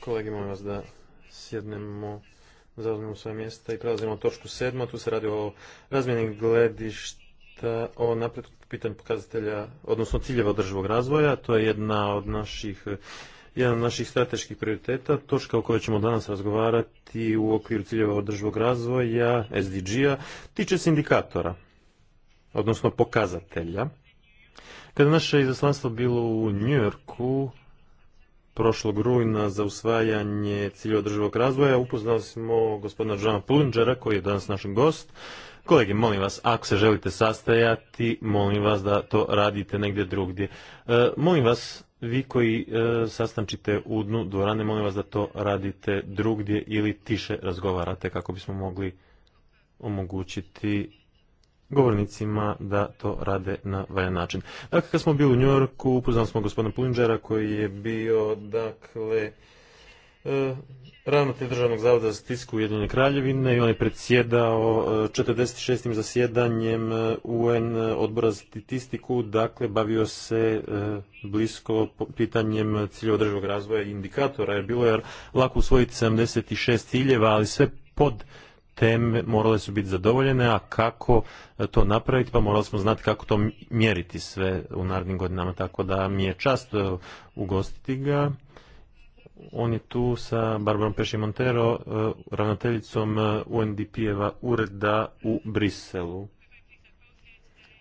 Kolegi, molim vas da sjednemo, zauzmemo svoje mjesta i prelazimo točku sedma. Tu se radi o razmjeni gledišta o napretku pitanju pokazatelja, odnosno ciljeva održivog razvoja. To je jedna od naših jedan od naših strateških prioriteta, točka o kojoj ćemo danas razgovarati u okviru ciljeva održivog razvoja, SDG-a, tiče se indikatora, odnosno pokazatelja kada naše izaslanstvo bilo u Njujorku, prošlog rujna za usvajanje cilja održivog razvoja, upoznali smo gospodina Žana Pullingera koji je danas naš gost. Kolege, molim vas, ako se želite sastajati, molim vas da to radite negdje drugdje. E, molim vas, vi koji e, sastančite u dnu dvorane, molim vas da to radite drugdje ili tiše razgovarate kako bismo mogli omogućiti govornicima da to rade na valjan način. Dakle, kad smo bili u Njorku, upoznali smo gospodina Pulinđera koji je bio, dakle, e, ravnatelj Državnog zavoda za statistiku Ujedinjene kraljevine i on je predsjedao 46. E, zasjedanjem e, UN odbora za statistiku, dakle bavio se blisko pitanjem ciljeva državnog razvoja i indikatora, jer bilo je lako usvojiti 76 ciljeva, ali sve pod teme morale su biti zadovoljene, a kako e, to napraviti, pa morali smo znati kako to mjeriti sve u narednim godinama, tako da mi je čast e, ugostiti ga. On je tu sa Barbarom Peši Montero, e, ravnateljicom UNDP-eva ureda u Briselu.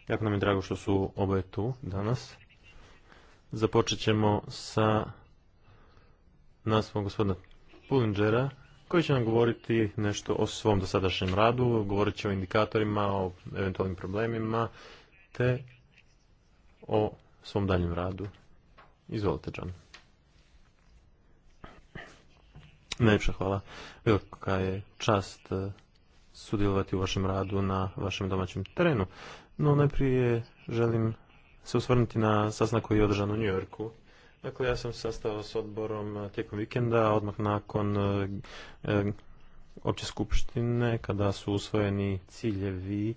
Jako nam je drago što su oboje tu danas. Započet ćemo sa naslovom gospodina Pulinđera koji će nam govoriti nešto o svom dosadašnjem radu, govorit će o indikatorima, o eventualnim problemima, te o svom daljem radu. Izvolite, John. Najljepša hvala. Velika je čast eh, sudjelovati u vašem radu na vašem domaćem terenu. No, najprije želim se osvrnuti na sastanak koji je održan u Njujorku Dakle, ja sam sastao s odborom eh, tijekom vikenda, odmah nakon eh, eh, opće skupštine, kada su usvojeni ciljevi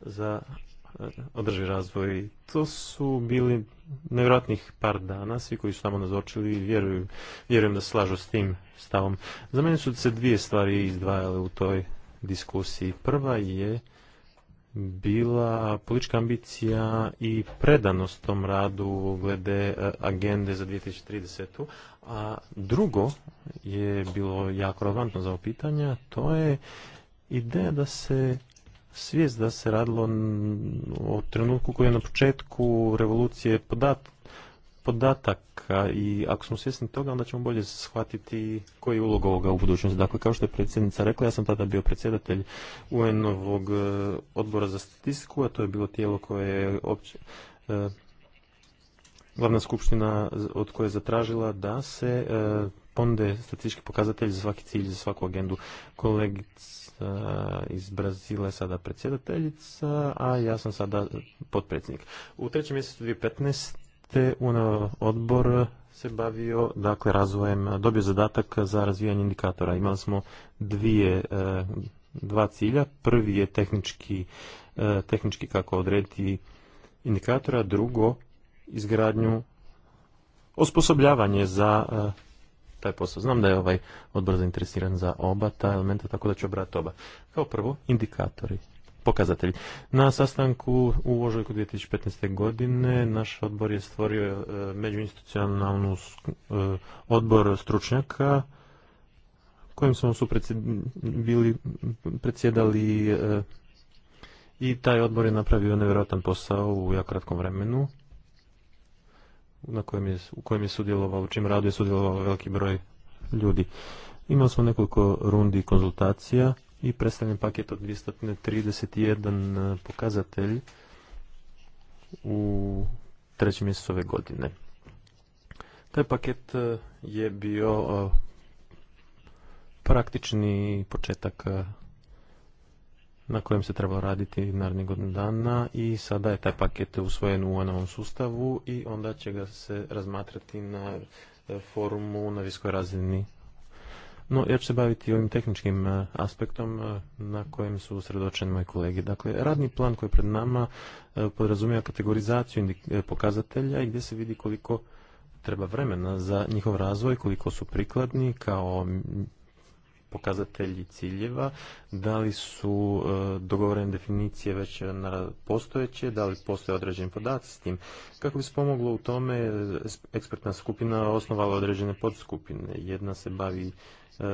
za održi razvoj. To su bili nevjerojatnih par dana, svi koji su tamo nazočili i vjerujem da slažu s tim stavom. Za mene su se dvije stvari izdvajale u toj diskusiji. Prva je bila politička ambicija i predanost tom radu glede e, agende za 2030. A drugo je bilo jako relevantno za ovo pitanje, to je ideja da se svijest da se radilo o trenutku koji je na početku revolucije podat, podataka i ako smo svjesni toga, onda ćemo bolje shvatiti koji je ulog ovoga u budućnosti. Dakle, kao što je predsjednica rekla, ja sam tada bio predsjedatelj UN-ovog e, odbora za statistiku, a to je bilo tijelo koje je e, glavna skupština od koje je zatražila da se ponude ponde statistički pokazatelj za svaki cilj, za svaku agendu. Kolegica iz Brazila je sada predsjedateljica, a ja sam sada potpredsjednik. U trećem mjesecu 2015 te un odbor se bavio dakle razvojem, dobio zadatak za razvijanje indikatora. Imali smo dvije, e, dva cilja. Prvi je tehnički, e, tehnički kako odrediti indikatora, drugo izgradnju osposobljavanje za e, taj posao. Znam da je ovaj odbor zainteresiran za oba ta elementa, tako da ću obrati oba. Kao prvo, indikatori pokazatelji. Na sastanku u ožujku 2015. godine naš odbor je stvorio e, međuinstitucionalnu e, odbor stručnjaka kojim smo su bili predsjedali e, i taj odbor je napravio nevjerojatan posao u jako kratkom vremenu u kojem je sudjelovao, u čim radu je sudjelovao veliki broj ljudi. Imali smo nekoliko rundi konzultacija i predstavljen paket od 231 e, pokazatelj u trećem mjesecu ove godine. Taj paket e, je bio e, praktični početak na kojem se trebalo raditi narednih godinu dana i sada je taj paket usvojen u onom sustavu i onda će ga se razmatrati na forumu na viskoj razini no, ja ću se baviti ovim tehničkim e, aspektom e, na kojem su usredočeni moji kolege. Dakle, radni plan koji je pred nama e, podrazumijeva kategorizaciju pokazatelja i gdje se vidi koliko treba vremena za njihov razvoj, koliko su prikladni kao pokazatelji ciljeva, da li su dogovorene definicije već na postojeće, da li postoje određeni podaci s tim. Kako bi se pomoglo u tome, ekspertna skupina osnovala određene podskupine. Jedna se bavi E,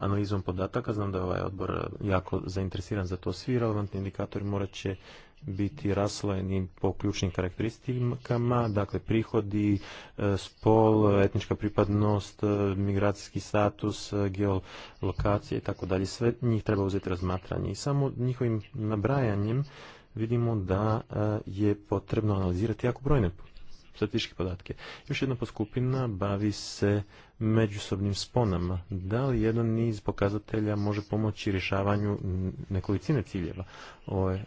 analizom podataka. Znam da je ovaj odbor jako zainteresiran za to. Svi relevantni indikatori morat će biti raslojeni po ključnim karakteristikama, dakle prihodi, e, spol, etnička pripadnost, e, migracijski status, geolokacije i tako dalje. Sve njih treba uzeti razmatranje i samo njihovim nabrajanjem vidimo da je potrebno analizirati jako brojne statističke podatke. Još jedna poskupina bavi se međusobnim sponama. Da li jedan niz pokazatelja može pomoći rješavanju nekolicine ciljeva? Ovo je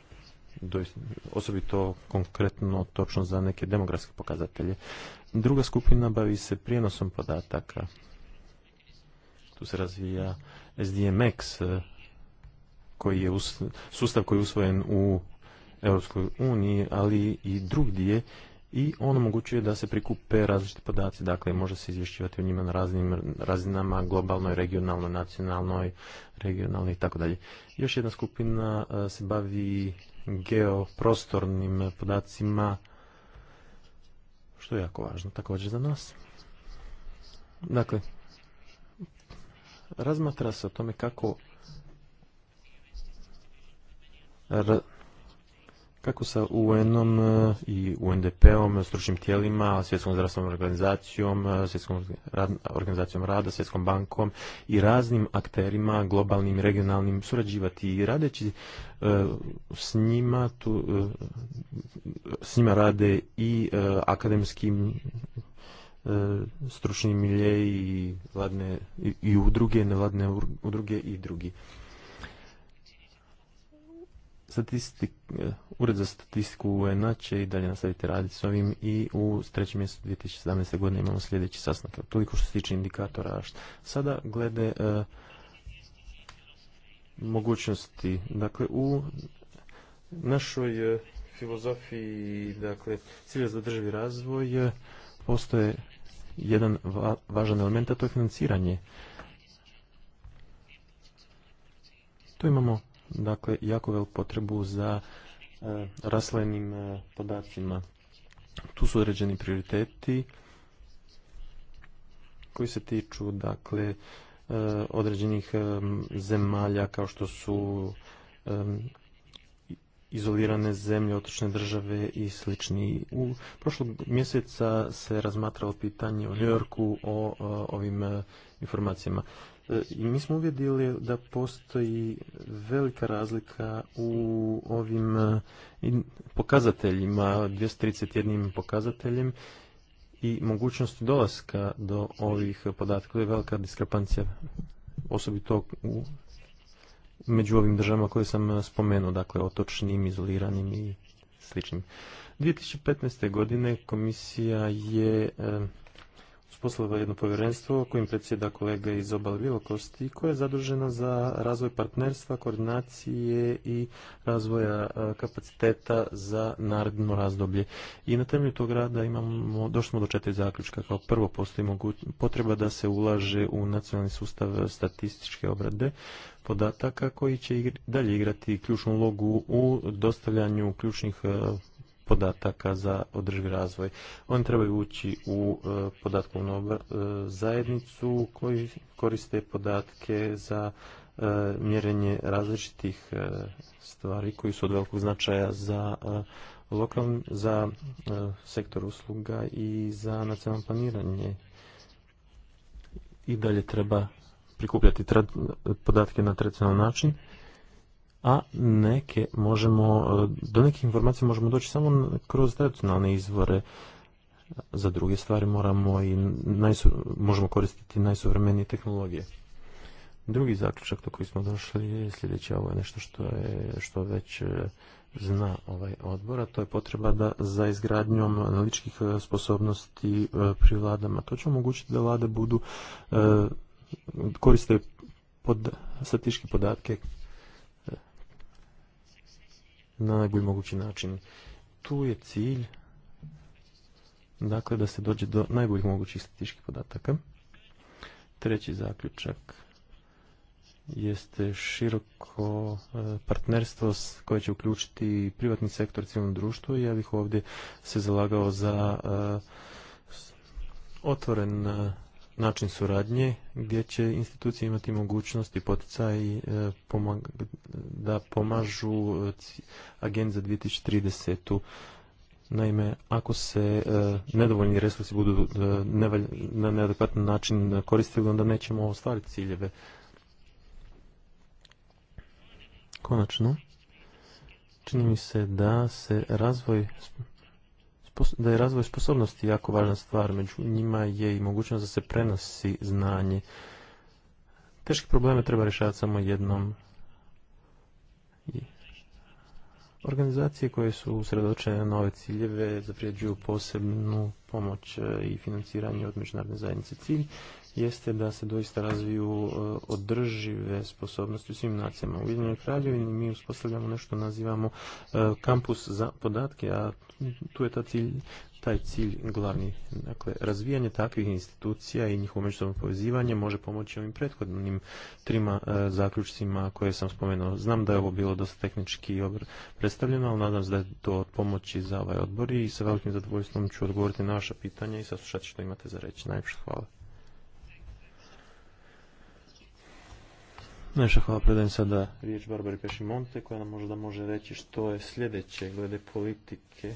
osobito konkretno točno za neke demografske pokazatelje. Druga skupina bavi se prijenosom podataka. Tu se razvija SDMX, koji je sustav koji je usvojen u Europskoj uniji, ali i drugdje i on omogućuje da se prikupe različiti podaci, dakle može se izvješćivati o njima na raznim razinama, globalnoj, regionalnoj, nacionalnoj, regionalnoj i tako dalje. Još jedna skupina e, se bavi geoprostornim podacima, što je jako važno također za nas. Dakle, razmatra se o tome kako kako sa UN-om e, i UNDP-om, stručnim tijelima, svjetskom zdravstvenom organizacijom, e, svjetskom organizacijom rada, svjetskom bankom i raznim akterima, globalnim, regionalnim, surađivati i radeći e, s njima, tu, s njima rade i akademskim stručni milje i, vladne, i udruge, nevladne udruge i drugi. Statistik, Ured za statistiku un će i dalje nastaviti raditi s ovim i u trećem mjesecu 2017. godine imamo sljedeći sasnak. Toliko što se tiče indikatora. Sada glede e, mogućnosti. Dakle, u našoj e, filozofiji dakle, cilja za državi razvoj e, postoje jedan važan element, a to je financiranje. Tu imamo dakle jako veliku potrebu za e, raslenim e, podacima. Tu su određeni prioriteti koji se tiču dakle e, određenih e, zemalja kao što su izolirane zemlje, otočne države i slični. U prošlog mjeseca se razmatralo pitanje u Yorku o, o ovim informacijama i e, mi smo uvjedili da postoji velika razlika u ovim e, pokazateljima, 231 pokazateljem i mogućnosti dolaska do ovih podatka. To je velika diskrepancija, osobito u, među ovim državama koje sam spomenuo, dakle otočnim, izoliranim i sličnim. 2015. godine komisija je e, uspostavila jedno povjerenstvo kojim predsjeda kolega iz obal Vilokosti koja je zadužena za razvoj partnerstva, koordinacije i razvoja e, kapaciteta za naredno razdoblje. I na temelju tog rada imamo, došli smo do četiri zaključka. Kao prvo postoji potreba da se ulaže u nacionalni sustav statističke obrade podataka koji će dalje igrati ključnu ulogu u dostavljanju ključnih e, podataka za održivi razvoj. Oni trebaju ući u e, podatkovnu e, zajednicu koji koriste podatke za e, mjerenje različitih stvari koji su od velikog značaja za lokalni, za sektor usluga i za nacionalno planiranje. I dalje treba prikupljati podatke na tradicionalan način a neke možemo, e, do nekih informacija možemo doći samo kroz tradicionalne izvore. Za druge stvari moramo i najsu, možemo koristiti najsuvremenije tehnologije. Drugi zaključak do koji smo došli je sljedeće, ovo je nešto što, je, što već e, zna ovaj odbor, a to je potreba da za izgradnjom analitičkih e, sposobnosti pri vladama. To će omogućiti da vlade budu koriste pod, statističke podatke na najbolji mogući način. Tu je cilj dakle da se dođe do najboljih mogućih statističkih podataka. Treći zaključak jeste široko e, partnerstvo koje će uključiti privatni sektor civilno društvo i ja bih ovdje se zalagao za e, otvoren e, način suradnje gdje će institucije imati mogućnosti poticaj e, da pomažu e, agent za 2030. Naime, ako se e, nedovoljni resursi budu na neadekvatan način koristili, onda nećemo ostvariti ciljeve. Konačno, čini mi se da se razvoj da je razvoj sposobnosti jako važna stvar, među njima je i mogućnost da se prenosi znanje. Teške probleme treba rješavati samo jednom. Organizacije koje su usredočene na nove ciljeve zaprijeđuju posebnu pomoć e, i financiranje od međunarodne zajednice. Cilj jeste da se doista razviju e, održive sposobnosti u svim nacijama. U Ujedinjenoj kraljevini mi uspostavljamo nešto nazivamo e, kampus za podatke, a tu je ta cilj, taj cilj glavni. Dakle, razvijanje takvih institucija i njihovo međusobno povezivanje može pomoći ovim prethodnim trima e, zaključcima koje sam spomenuo. Znam da je ovo bilo dosta tehnički predstavljeno, ali nadam se da je to od pomoći za ovaj odbor i sa velikim zadovoljstvom ću odgovoriti na vaša pitanja i saslušati što imate za reći. Najviše hvala. Najviše hvala predajem sada riječ Barbari Pešimonte koja nam možda može reći što je sljedeće glede politike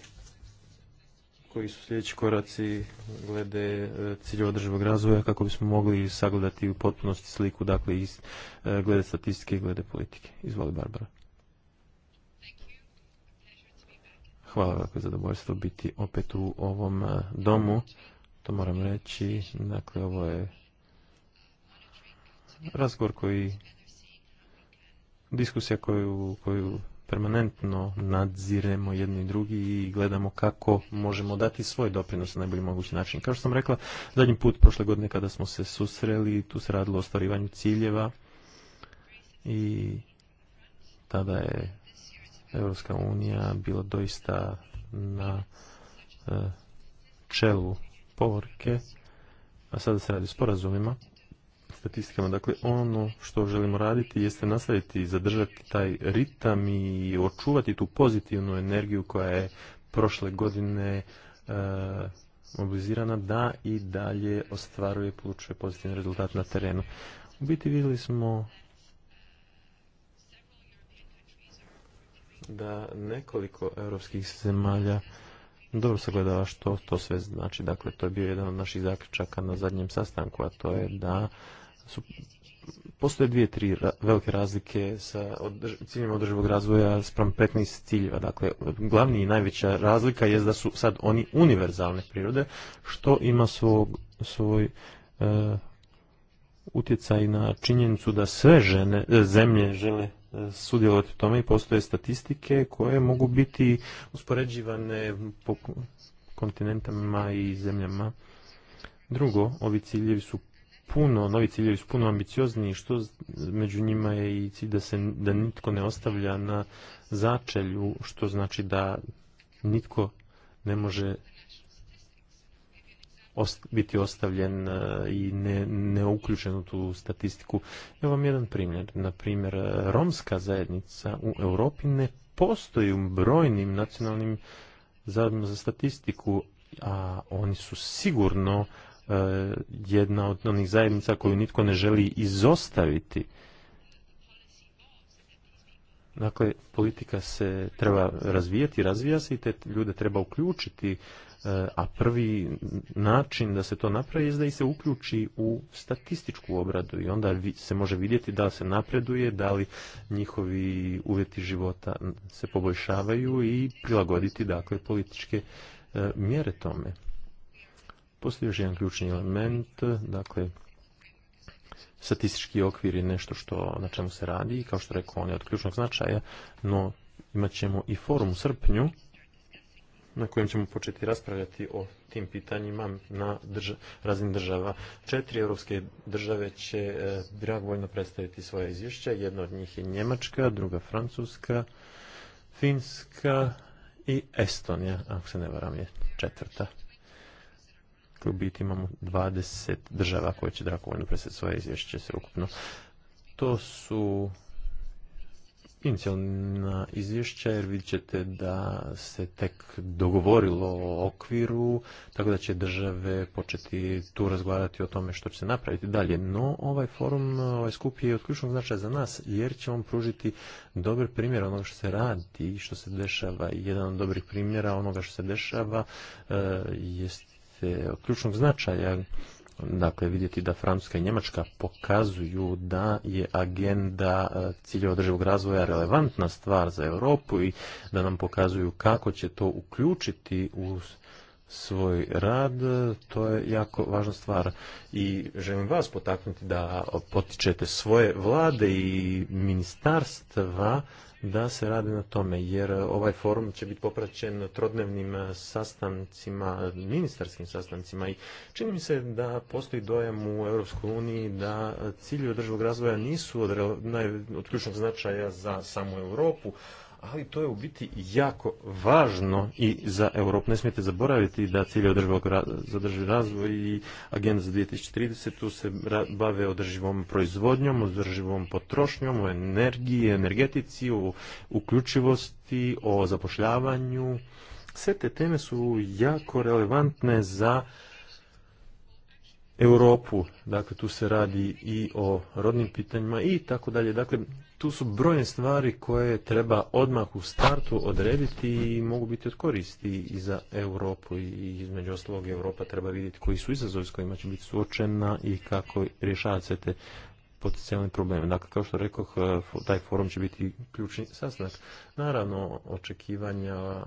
koji su sljedeći koraci glede e, ciljeva održivog razvoja kako bismo mogli sagledati u potpunosti sliku dakle iz, e, glede statistike i glede politike. Izvoli Barbara. Hvala dakle, zadovoljstvo biti opet u ovom e, domu. To moram reći. Dakle, ovo je razgovor koji diskusija koju, koju permanentno nadziremo jedni i drugi i gledamo kako možemo dati svoj doprinos na najbolji mogući način. Kao što sam rekla, zadnji put prošle godine kada smo se susreli, tu se radilo o ostvarivanju ciljeva i tada je Europska unija bila doista na e, čelu povorke, a sada se radi o sporazumima statistikama. Dakle, ono što želimo raditi jeste nastaviti zadržati taj ritam i očuvati tu pozitivnu energiju koja je prošle godine e, mobilizirana da i dalje ostvaruje polučuje pozitivni rezultat na terenu. U biti vidjeli smo da nekoliko europskih zemalja dobro sagledava što to sve znači. Dakle, to je bio jedan od naših zaključaka na zadnjem sastanku, a to je da su postoje dvije, tri velike razlike sa ciljima održivog razvoja spram 15 ciljeva. Dakle, glavni i najveća razlika je da su sad oni univerzalne prirode, što ima svog, svoj e, utjecaj na činjenicu da sve žene, e, zemlje žele e, sudjelovati u tome i postoje statistike koje mogu biti uspoređivane po kontinentama i zemljama. Drugo, ovi ciljevi su puno, novi ciljevi su puno ambiciozniji, što među njima je i cilj da se da nitko ne ostavlja na začelju, što znači da nitko ne može biti ostavljen e, i ne, ne uključen u tu statistiku. Evo vam jedan primjer. Na primjer, e, romska zajednica u Europi ne postoji u brojnim nacionalnim zavodima za statistiku, a oni su sigurno E, jedna od onih zajednica koju nitko ne želi izostaviti. Dakle, politika se treba razvijati, razvija se i te ljude treba uključiti, e, a prvi način da se to napravi je da ih se uključi u statističku obradu i onda se može vidjeti da li se napreduje, da li njihovi uvjeti života se poboljšavaju i prilagoditi dakle političke e, mjere tome. Postoji još jedan ključni element, dakle, statistički okvir je nešto što, na čemu se radi i kao što rekao, on je od ključnog značaja, no imat ćemo i forum u srpnju na kojem ćemo početi raspravljati o tim pitanjima na drža, raznim država. Četiri europske države će e, dragovoljno predstaviti svoje izvješća. Jedna od njih je Njemačka, druga Francuska, Finska i Estonija, ako se ne varam je četvrta. Dakle, u biti imamo 20 država koje će dragovoljno presjeti svoje izvješće se ukupno. To su inicijalna izvješća jer vidjet ćete da se tek dogovorilo o okviru, tako da će države početi tu razgovarati o tome što će se napraviti dalje. No, ovaj forum, ovaj skup je od ključnog značaja za nas jer će on pružiti dobar primjer onoga što se radi i što se dešava. Jedan od dobrih primjera onoga što se dešava e, jest je od ključnog značaja dakle vidjeti da Francuska i Njemačka pokazuju da je agenda e, ciljeva održivog razvoja relevantna stvar za Europu i da nam pokazuju kako će to uključiti u svoj rad, to je jako važna stvar i želim vas potaknuti da potičete svoje vlade i ministarstva da se radi na tome, jer ovaj forum će biti popraćen trodnevnim sastancima, ministarskim sastancima i čini mi se da postoji dojam u Europskoj uniji da ciljevi održivog razvoja nisu od ključnog značaja za samu Europu, ali to je u biti jako važno i za Europu. Ne smijete zaboraviti da cilje održivog zadrži razvoj i agenda za 2030 tu se bave održivom proizvodnjom, održivom potrošnjom, o energiji, energetici, o uključivosti, o zapošljavanju. Sve te teme su jako relevantne za Europu, dakle tu se radi i o rodnim pitanjima i tako dalje. Dakle, tu su brojne stvari koje treba odmah u startu odrediti i mogu biti od koristi i za Europu i između ostalog Europa treba vidjeti koji su izazovi s kojima će biti suočena i kako rješavati sve te potencijalne probleme. Dakle, kao što rekoh, e, taj forum će biti ključni sastanak. Naravno, očekivanja e,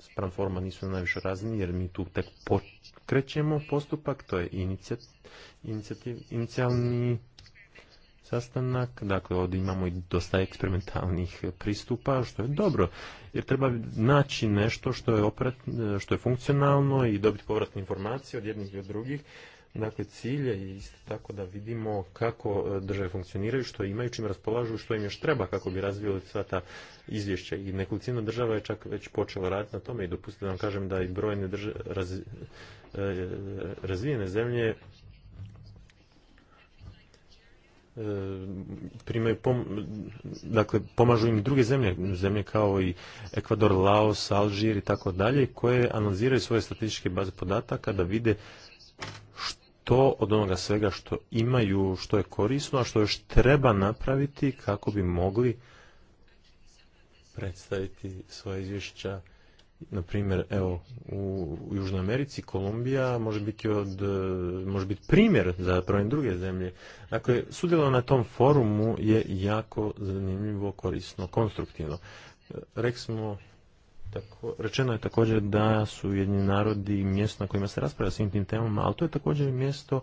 spram forma nisu na najviše razni jer mi tu tek pokrećemo postupak, to je inicijalni sastanak. Dakle, ovdje imamo i dosta eksperimentalnih pristupa, što je dobro, jer treba naći nešto što je, što je funkcionalno i dobiti povratne informacije od jednih i od drugih. Dakle, cilj je isto tako da vidimo kako e, države funkcioniraju, što imaju, čim raspolažu, što im još treba kako bi razvijali sva ta izvješća. I nekolicina država je čak već počela raditi na tome i dopustite da vam kažem da i brojne e, e, razvijene zemlje E, primaju dakle pomažu im druge zemlje, zemlje kao i Ekvador, Laos, Alžir i tako dalje, koje analiziraju svoje statističke baze podataka da vide što od onoga svega što imaju, što je korisno, a što još treba napraviti kako bi mogli predstaviti svoje izvješća na primjer, evo, u, Južnoj Americi, Kolumbija može biti, od, e, može biti primjer za brojne druge zemlje. Dakle, sudjelo na tom forumu je jako zanimljivo, korisno, konstruktivno. E, Rek smo, tako, rečeno je također da su jedni narodi mjesto na kojima se raspravlja svim tim temama, ali to je također mjesto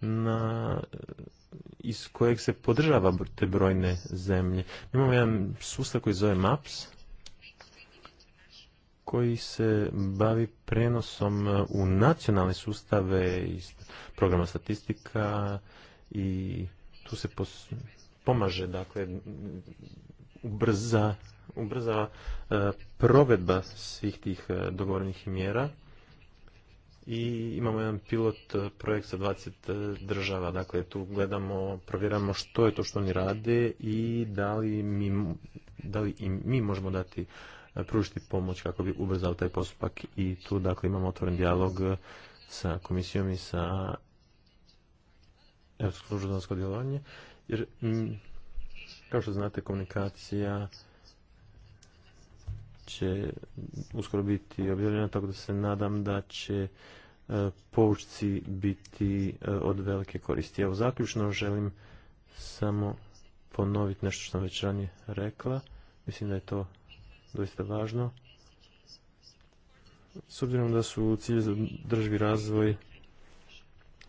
na iz kojeg se podržava te brojne zemlje. Imamo jedan sustav koji zove MAPS, koji se bavi prenosom e, u nacionalne sustave iz programa statistika i tu se pomaže, dakle, ubrza, e, provedba svih tih e, dogovorenih mjera i imamo jedan pilot projekt sa 20 država, dakle tu gledamo, provjeramo što je to što oni rade i da li mi, da li mi možemo dati pružiti pomoć kako bi ubrzao taj postupak i tu dakle imamo otvoren dijalog e, sa komisijom i sa Europsko službo djelovanje jer kao što znate komunikacija će uskoro biti objavljena tako da se nadam da će e, poučci biti e, od velike koristi. Evo zaključno želim samo ponoviti nešto što sam već ranije rekla. Mislim da je to doista važno. S obzirom da su cilje za državi razvoj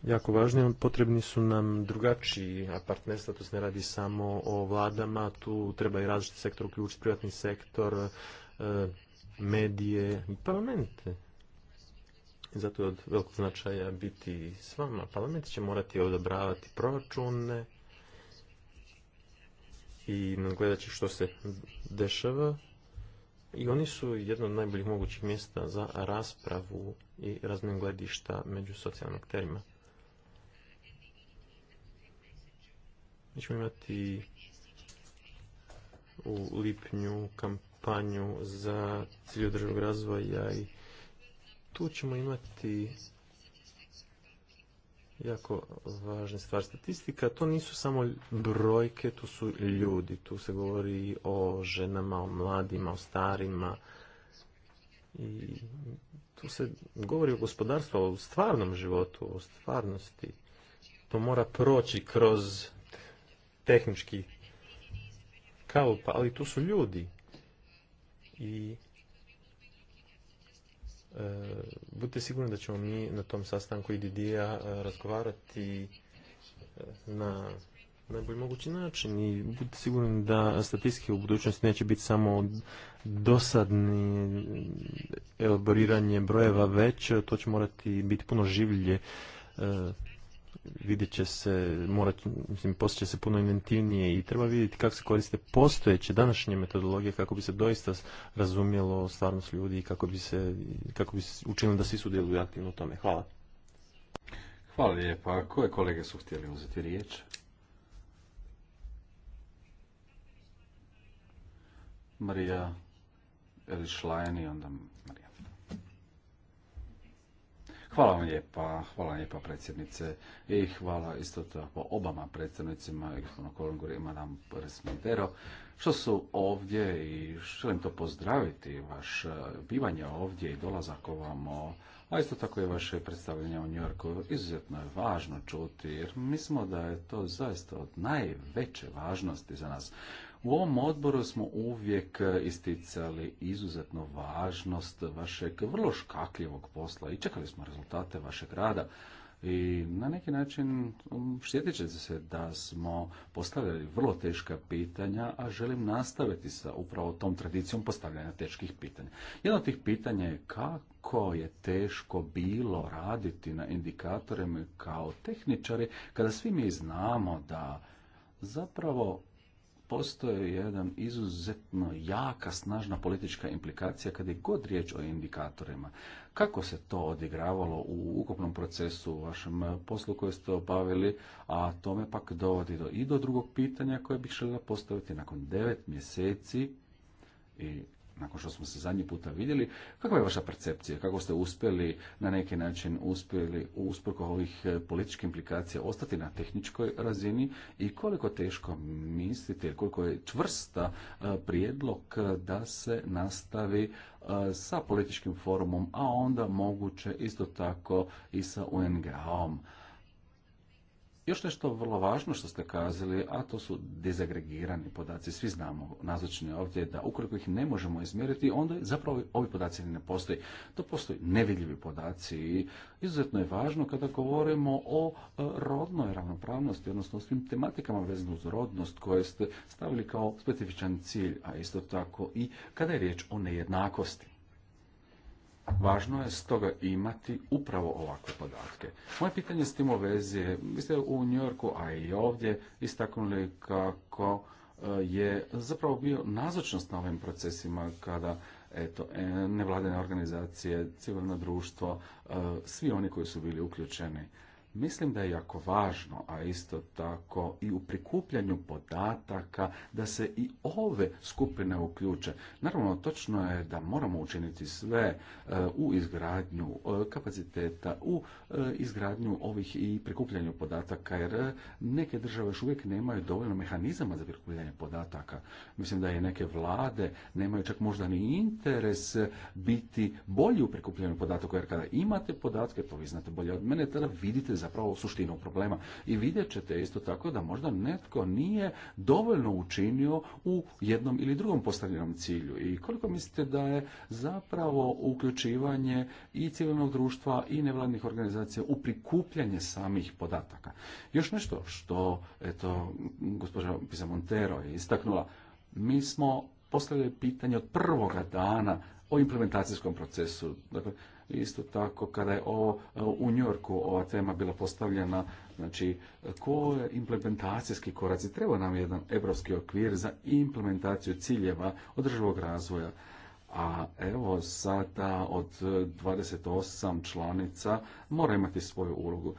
jako važni, potrebni su nam drugačiji partnerstva, To se ne radi samo o vladama, tu treba i različiti sektor uključiti, privatni sektor, e, medije i parlamente. Zato je od velikog značaja biti s vama. Parlament će morati odabravati proračune i gledat će što se dešava i oni su jedno od najboljih mogućih mjesta za raspravu i razmjen gledišta među socijalnim terima. Mi ćemo imati u lipnju kampanju za cilj razvoja i tu ćemo imati jako važna stvar Statistika, to nisu samo brojke, tu su ljudi. Tu se govori o ženama, o mladima, o starima. I tu se govori o gospodarstvu, o stvarnom životu, o stvarnosti. To mora proći kroz tehnički kalup, ali tu su ljudi. I E, budite sigurni da ćemo mi na tom sastanku IDD-a e, razgovarati e, na najbolji mogući način i budite sigurni da statistike u budućnosti neće biti samo dosadni elaboriranje brojeva već to će morati biti puno življe vidjet će se, morat, mislim, postoje se puno inventivnije i treba vidjeti kako se koriste postojeće današnje metodologije kako bi se doista razumjelo stvarnost ljudi i kako bi se kako bi se učinilo da svi sudjeluju aktivno u tome. Hvala. Hvala lijepa. Koje kolege su htjeli uzeti riječ? Marija Elišlajen i onda Marija. Hvala vam lijepa, hvala vam lijepa predsjednice i hvala isto tako obama predsjednicima i gospodinu i madam što su ovdje i želim to pozdraviti, vaš e, bivanje ovdje i dolazak ovamo, a isto tako i vaše predstavljanje u Njorku. Izuzetno je važno čuti jer mislimo da je to zaista od najveće važnosti za nas. U ovom odboru smo uvijek isticali izuzetno važnost vašeg vrlo škakljivog posla i čekali smo rezultate vašeg rada. I na neki način um, sjetit će se da smo postavljali vrlo teška pitanja, a želim nastaviti sa upravo tom tradicijom postavljanja teških pitanja. Jedno od tih pitanja je kako je teško bilo raditi na indikatorima kao tehničari, kada svi mi znamo da zapravo postoji jedan izuzetno jaka, snažna politička implikacija kad je god riječ o indikatorima. Kako se to odigravalo u ukupnom procesu, u vašem poslu koje ste obavili, a to me pak dovodi do, i do drugog pitanja koje bih željela postaviti nakon devet mjeseci i nakon što smo se zadnji puta vidjeli, kakva je vaša percepcija, kako ste uspjeli na neki način uspjeli usprko ovih e, političkih implikacija ostati na tehničkoj razini i koliko teško mislite, koliko je čvrsta e, prijedlog da se nastavi e, sa političkim forumom, a onda moguće isto tako i sa UNGA-om. Još nešto vrlo važno što ste kazali, a to su dezagregirani podaci. Svi znamo nazočni ovdje da ukoliko ih ne možemo izmjeriti, onda zapravo ovi podaci ne postoji. To postoji nevidljivi podaci i izuzetno je važno kada govorimo o e, rodnoj ravnopravnosti, odnosno o svim tematikama vezano uz rodnost koje ste stavili kao specifičan cilj, a isto tako i kada je riječ o nejednakosti. Važno je stoga imati upravo ovakve podatke. Moje pitanje s tim u vezi je, vi ste u Njorku, a i ovdje istaknuli kako e, je zapravo bio nazočnost na ovim procesima kada eto, e, nevladene organizacije, civilno društvo, e, svi oni koji su bili uključeni Mislim da je jako važno, a isto tako i u prikupljanju podataka, da se i ove skupine uključe. Naravno, točno je da moramo učiniti sve e, u izgradnju e, kapaciteta, u e, izgradnju ovih i prikupljanju podataka, jer neke države još uvijek nemaju dovoljno mehanizama za prikupljanje podataka. Mislim da i neke vlade nemaju čak možda ni interes biti bolji u prikupljanju podataka, jer kada imate podatke, to vi znate bolje od mene, tada vidite zapravo suštinu problema. I vidjet ćete isto tako da možda netko nije dovoljno učinio u jednom ili drugom postavljenom cilju. I koliko mislite da je zapravo uključivanje i civilnog društva i nevladnih organizacija u prikupljanje samih podataka. Još nešto što, eto, gospođa Pizamontero je istaknula, mi smo postavili pitanje od prvoga dana o implementacijskom procesu. Dakle, Isto tako kada je ovo e, u Njorku ova tema bila postavljena, znači ko je implementacijski koraci, treba nam jedan evropski okvir za implementaciju ciljeva održivog razvoja. A evo sada od 28 članica mora imati svoju ulogu.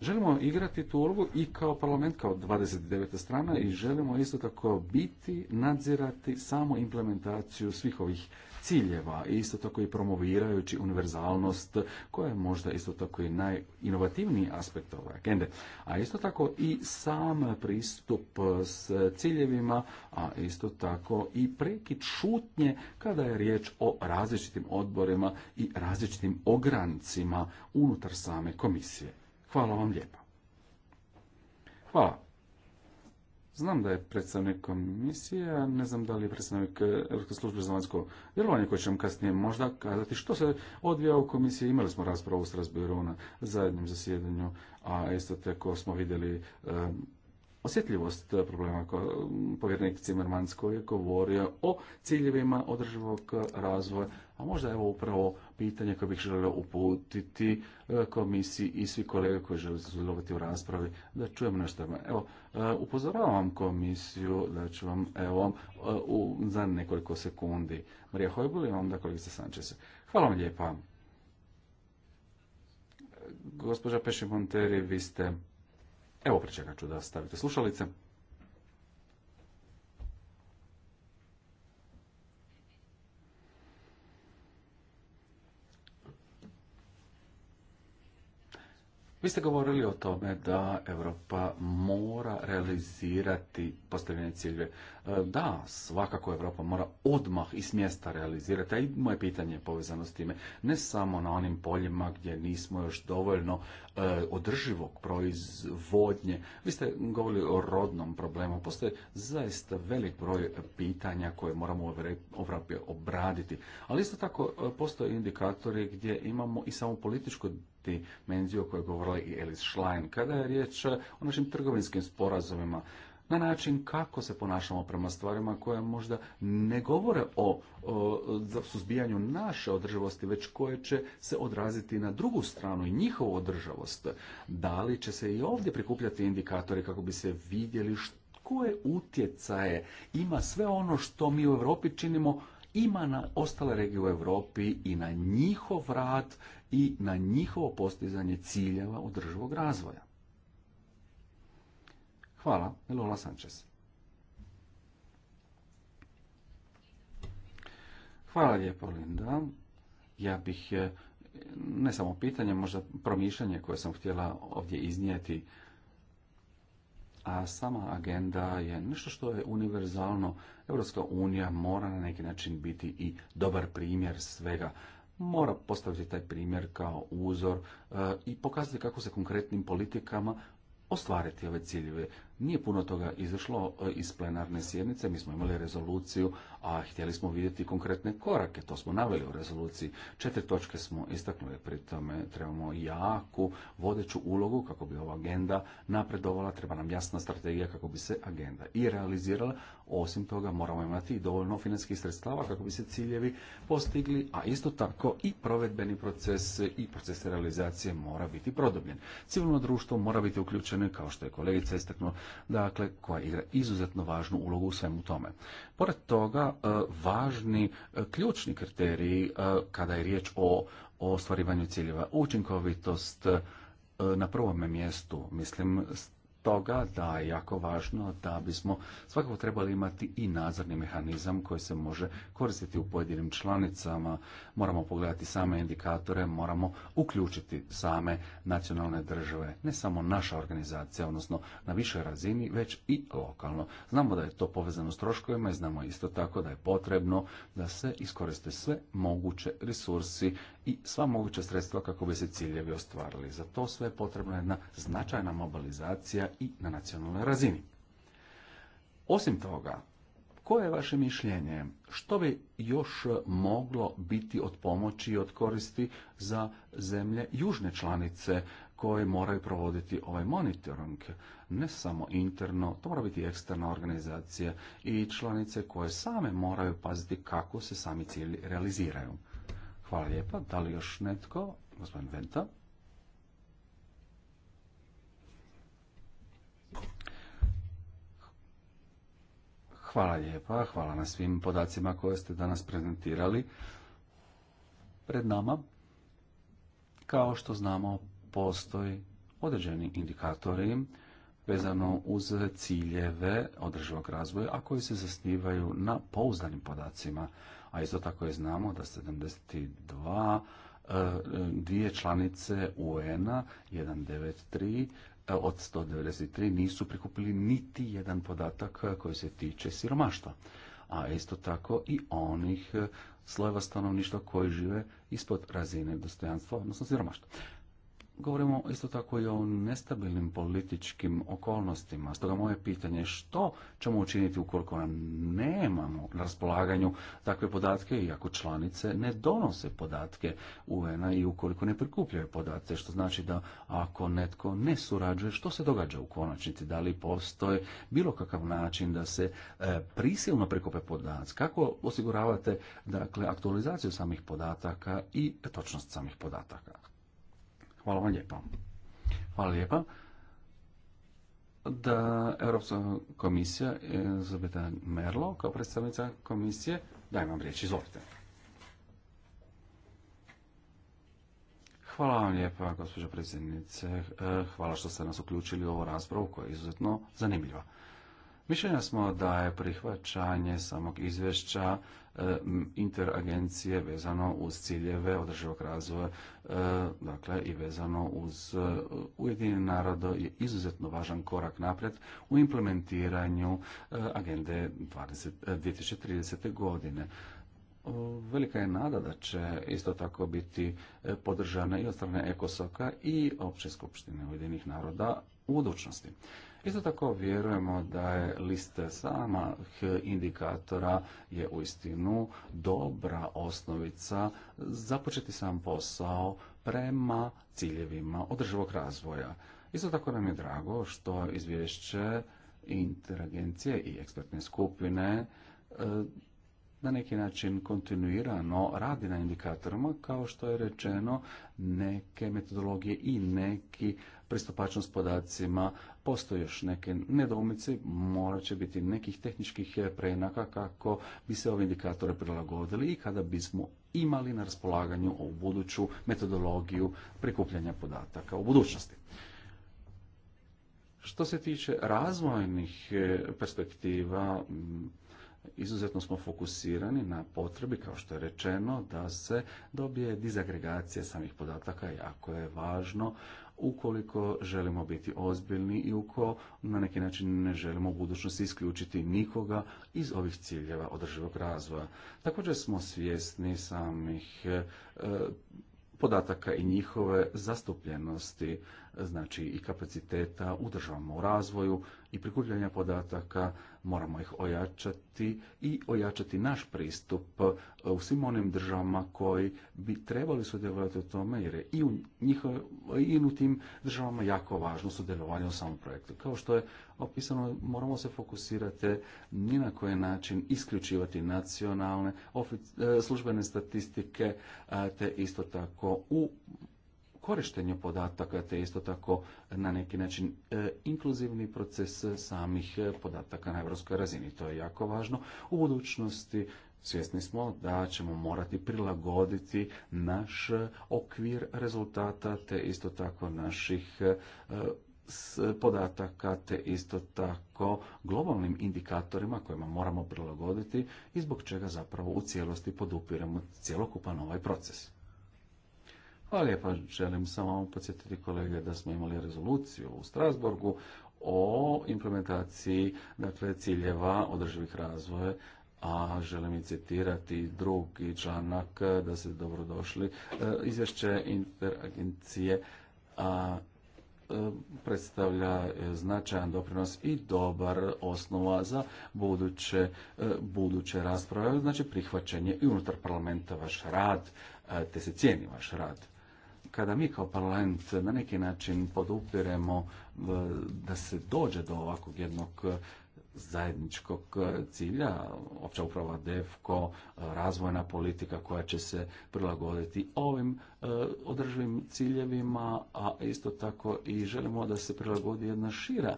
Želimo igrati tu ulogu i kao parlament, kao 29. strana i želimo isto tako biti, nadzirati samo implementaciju svih ovih ciljeva isto tako i promovirajući univerzalnost koja je možda isto tako i najinovativniji aspekt ove agende. A isto tako i sam pristup s ciljevima, a isto tako i prekid šutnje kada je riječ o različitim odborima i različitim ograncima unutar same komisije. Hvala vam lijepa. Hvala. Znam da je predstavnik komisije, ne znam da li je predstavnik Europske službe za vanjsko djelovanje koji će vam kasnije možda kazati što se odvija u komisiji. Imali smo raspravu s strasbourgu na zajednim zasjedanju, a isto tako smo vidjeli eh, osjetljivost problema. Povjerenik Cimermans je govorio o ciljevima održivog razvoja a možda evo upravo pitanje koje bih želio uputiti e, komisiji i svi kolege koji žele sudjelovati u raspravi da čujemo nešto. Evo, e, upozoravam komisiju da ću vam evo e, za nekoliko sekundi. Marija Hojbul i onda kolegica Sančese. Hvala vam lijepa. Gospođa Peši Monteri, vi ste... Evo, pričekat ću da stavite slušalice. Vi ste govorili o tome da Europa mora realizirati postavljene ciljeve. E, da, svakako Europa mora odmah i smjesta mjesta realizirati, a i moje pitanje je povezano s time. Ne samo na onim poljima gdje nismo još dovoljno e, održivog proizvodnje. Vi ste govorili o rodnom problemu. Postoje zaista velik broj pitanja koje moramo u Evropi obraditi. Ali isto tako e, postoje indikatori gdje imamo i samo političku Menzi o kojoj je govorila i Elis Schlein kada je riječ o našim trgovinskim sporazumima na način kako se ponašamo prema stvarima koje možda ne govore o, o suzbijanju naše održivosti, već koje će se odraziti na drugu stranu i njihovu održavost Da li će se i ovdje prikupljati indikatori kako bi se vidjeli što, koje utjecaje ima sve ono što mi u Europi činimo ima na ostale regije u Europi i na njihov rad i na njihovo postizanje ciljeva održivog razvoja. Hvala, Lola Sanchez. Hvala lijepo, Linda. Ja bih, e, ne samo pitanje, možda promišljanje koje sam htjela ovdje iznijeti, a sama agenda je nešto što je univerzalno. Europska unija mora na neki način biti i dobar primjer svega mora postaviti taj primjer kao uzor e, i pokazati kako se konkretnim politikama ostvariti ove ciljeve. Nije puno toga izašlo e, iz plenarne sjednice, mi smo imali rezoluciju, a htjeli smo vidjeti konkretne korake, to smo naveli u rezoluciji. Četiri točke smo istaknuli, pri tome trebamo jaku vodeću ulogu kako bi ova agenda napredovala, treba nam jasna strategija kako bi se agenda i realizirala. Osim toga moramo imati i dovoljno financijskih sredstava kako bi se ciljevi postigli, a isto tako i provedbeni proces i proces realizacije mora biti prodobljen. Civilno društvo mora biti uključeno, kao što je kolegica istaknula, dakle, koja igra izuzetno važnu ulogu u svemu tome. Pored toga, e, važni e, ključni kriteriji e, kada je riječ o, o ostvarivanju ciljeva učinkovitost, na prvome mjestu, mislim, toga da je jako važno da bismo svakako trebali imati i nadzorni mehanizam koji se može koristiti u pojedinim članicama. Moramo pogledati same indikatore, moramo uključiti same nacionalne države, ne samo naša organizacija, odnosno na višoj razini, već i lokalno. Znamo da je to povezano s troškovima i znamo isto tako da je potrebno da se iskoriste sve moguće resursi i sva moguća sredstva kako bi se ciljevi ostvarili. Za to sve je potrebna jedna značajna mobilizacija i na nacionalnoj razini. Osim toga, koje je vaše mišljenje? Što bi još moglo biti od pomoći i od koristi za zemlje južne članice koje moraju provoditi ovaj monitoring? Ne samo interno, to mora biti eksterna organizacija i članice koje same moraju paziti kako se sami cijeli realiziraju. Hvala lijepa. Da li još netko? Gospodin Venta. Hvala lijepa, hvala na svim podacima koje ste danas prezentirali pred nama. Kao što znamo, postoji određeni indikatori vezano uz ciljeve održivog razvoja, a koji se zasnivaju na pouzdanim podacima. A isto tako je znamo da 72 e, dvije članice UN-a, 193, E, od 193 nisu prikupili niti jedan podatak e, koji se tiče siromaštva. A isto tako i onih e, slojeva stanovništva koji žive ispod razine dostojanstva, odnosno siromaštva. Govorimo isto tako i o nestabilnim političkim okolnostima. Stoga moje pitanje je što ćemo učiniti ukoliko nam nemamo na raspolaganju takve podatke i ako članice ne donose podatke UN-a i ukoliko ne prikupljaju podatke, što znači da ako netko ne surađuje, što se događa u konačnici? Da li postoje bilo kakav način da se e, prisilno prikupe podaci? Kako osiguravate dakle, aktualizaciju samih podataka i točnost samih podataka? Hvala vam lijepa. Hvala lijepa. Da Europska komisija Zabeta Merlo kao predstavnica komisije daj vam riječ, izvolite. Hvala vam lijepa, gospođo predsjednice. Hvala što ste nas uključili u ovu raspravu koja je izuzetno zanimljiva. Mišljenja smo da je prihvaćanje samog izvješća e, interagencije vezano uz ciljeve održivog razvoja, e, dakle i vezano uz e, Ujedinjen narodo je izuzetno važan korak naprijed u implementiranju agende 20, 2030. godine. Velika je nada da će isto tako biti podržana i od strane Ekosoka i Opće skupštine Ujedinih naroda budućnosti. Isto tako vjerujemo da je liste samih indikatora je uistinu dobra osnovica započeti sam posao prema ciljevima održivog razvoja. Isto tako nam je drago što izvješće inteligencije i ekspertne skupine e, na neki način kontinuirano radi na indikatorima, kao što je rečeno, neke metodologije i neki pristupačnost podacima, postoje još neke nedoumice, morat će biti nekih tehničkih preinaka kako bi se ove indikatore prilagodili i kada bismo imali na raspolaganju u buduću metodologiju prikupljanja podataka u budućnosti. Što se tiče razvojnih eh, perspektiva, Izuzetno smo fokusirani na potrebi, kao što je rečeno, da se dobije dizagregacija samih podataka, jako je važno ukoliko želimo biti ozbiljni i ukoliko na neki način ne želimo u budućnosti isključiti nikoga iz ovih ciljeva održivog razvoja. Također smo svjesni samih e, podataka i njihove zastupljenosti znači i kapaciteta u državama u razvoju i prikupljanja podataka, moramo ih ojačati i ojačati naš pristup e, u svim onim državama koji bi trebali sudjelovati u tome jer je i u, i u tim državama jako važno sudjelovanje u samom projektu. Kao što je opisano, moramo se fokusirati ni na koji način isključivati nacionalne e, službene statistike te isto tako u korištenju podataka, te isto tako na neki način e, inkluzivni proces samih e, podataka na europskoj razini. To je jako važno. U budućnosti Svjesni smo da ćemo morati prilagoditi naš e, okvir rezultata, te isto tako naših podataka te isto tako globalnim indikatorima kojima moramo prilagoditi i zbog čega zapravo u cijelosti podupiramo cjelokupan ovaj proces. Hvala pa lijepa. Želim samo podsjetiti kolege da smo imali rezoluciju u Strasburgu o implementaciji dakle, ciljeva održivih razvoja a želim i citirati drugi članak da se dobrodošli. E, izvješće interagencije a, e, predstavlja značajan doprinos i dobar osnova za buduće, e, buduće rasprave, znači prihvaćanje i unutar parlamenta vaš rad, te se cijeni vaš rad kada mi kao parlament na neki način podupiremo e, da se dođe do ovakvog jednog zajedničkog e, cilja, opća uprava DEFKO, e, razvojna politika koja će se prilagoditi ovim e, održivim ciljevima, a isto tako i želimo da se prilagodi jedna šira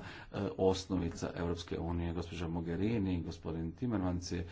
osnovica Europske unije, gospođa Mogherini, gospodin Timmermans je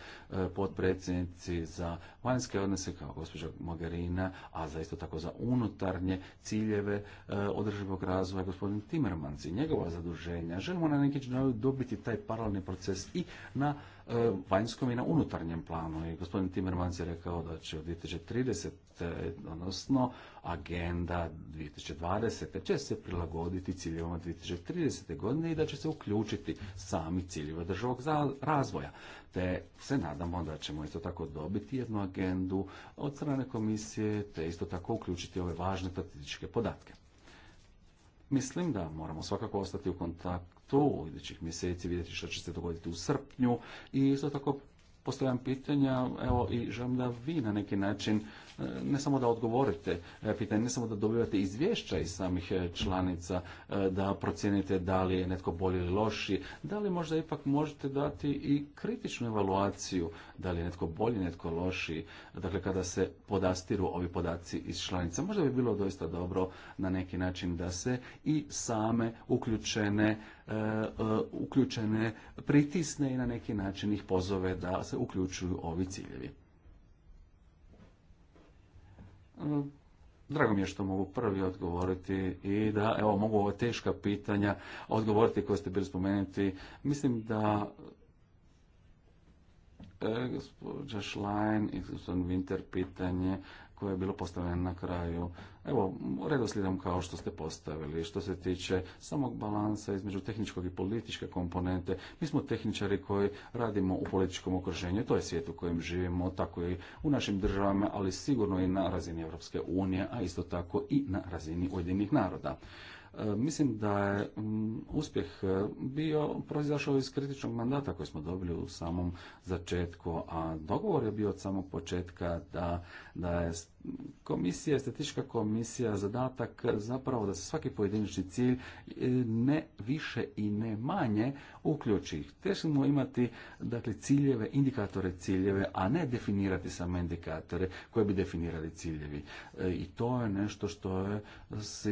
potpredsjednici za vanjske odnose kao gospođa Mogherina, a za isto tako za unutarnje ciljeve održivog razvoja gospodin Timmermans i njegova zaduženja. Želimo na neki način dobiti taj paralel proces i na e, vanjskom i na unutarnjem planu. I gospodin Timmermans je rekao da će od 2030 e, odnosno agenda 2020. će se prilagoditi ciljevama 2030. godine i da će se uključiti sami ciljeva državog razvoja. Te se nadamo da ćemo isto tako dobiti jednu agendu od strane komisije, te isto tako uključiti ove važne statističke podatke. Mislim da moramo svakako ostati u kontaktu tu u idućih mjeseci, vidjeti što će se dogoditi u srpnju i isto tako postavljam pitanja, evo i želim da vi na neki način E, ne samo da odgovorite, e, pitanje ne samo da dobivate izvješća iz samih e, članica, da procijenite da li je netko bolji ili loši, da li možda ipak možete dati i kritičnu evaluaciju, da li je netko bolji, netko loši, dakle kada se podastiru ovi podaci iz članica. Možda bi bilo doista dobro na neki način da se i same uključene uključene pritisne i na neki način ih pozove da se uključuju ovi ciljevi. Drago mi je što mogu prvi odgovoriti i da evo mogu ova teška pitanja odgovoriti koje ste bili spomenuti. Mislim da e, gospođa Schlein i Winter pitanje koje je bilo postavljeno na kraju. Evo, redoslijedom kao što ste postavili. Što se tiče samog balansa između tehničkog i političke komponente, mi smo tehničari koji radimo u političkom okruženju. To je svijet u kojem živimo, tako i u našim državama, ali sigurno i na razini Europske unije, a isto tako i na razini Ujedinih naroda. E, mislim da je uspjeh e, bio proizašao iz kritičnog mandata koji smo dobili u samom začetku, a dogovor je bio od samog početka da, da je komisija, estetička komisija, zadatak zapravo da se svaki pojedinični cilj e, ne više i ne manje uključi. Tešimo imati dakle, ciljeve, indikatore ciljeve, a ne definirati samo indikatore koje bi definirali ciljevi. I to je nešto što je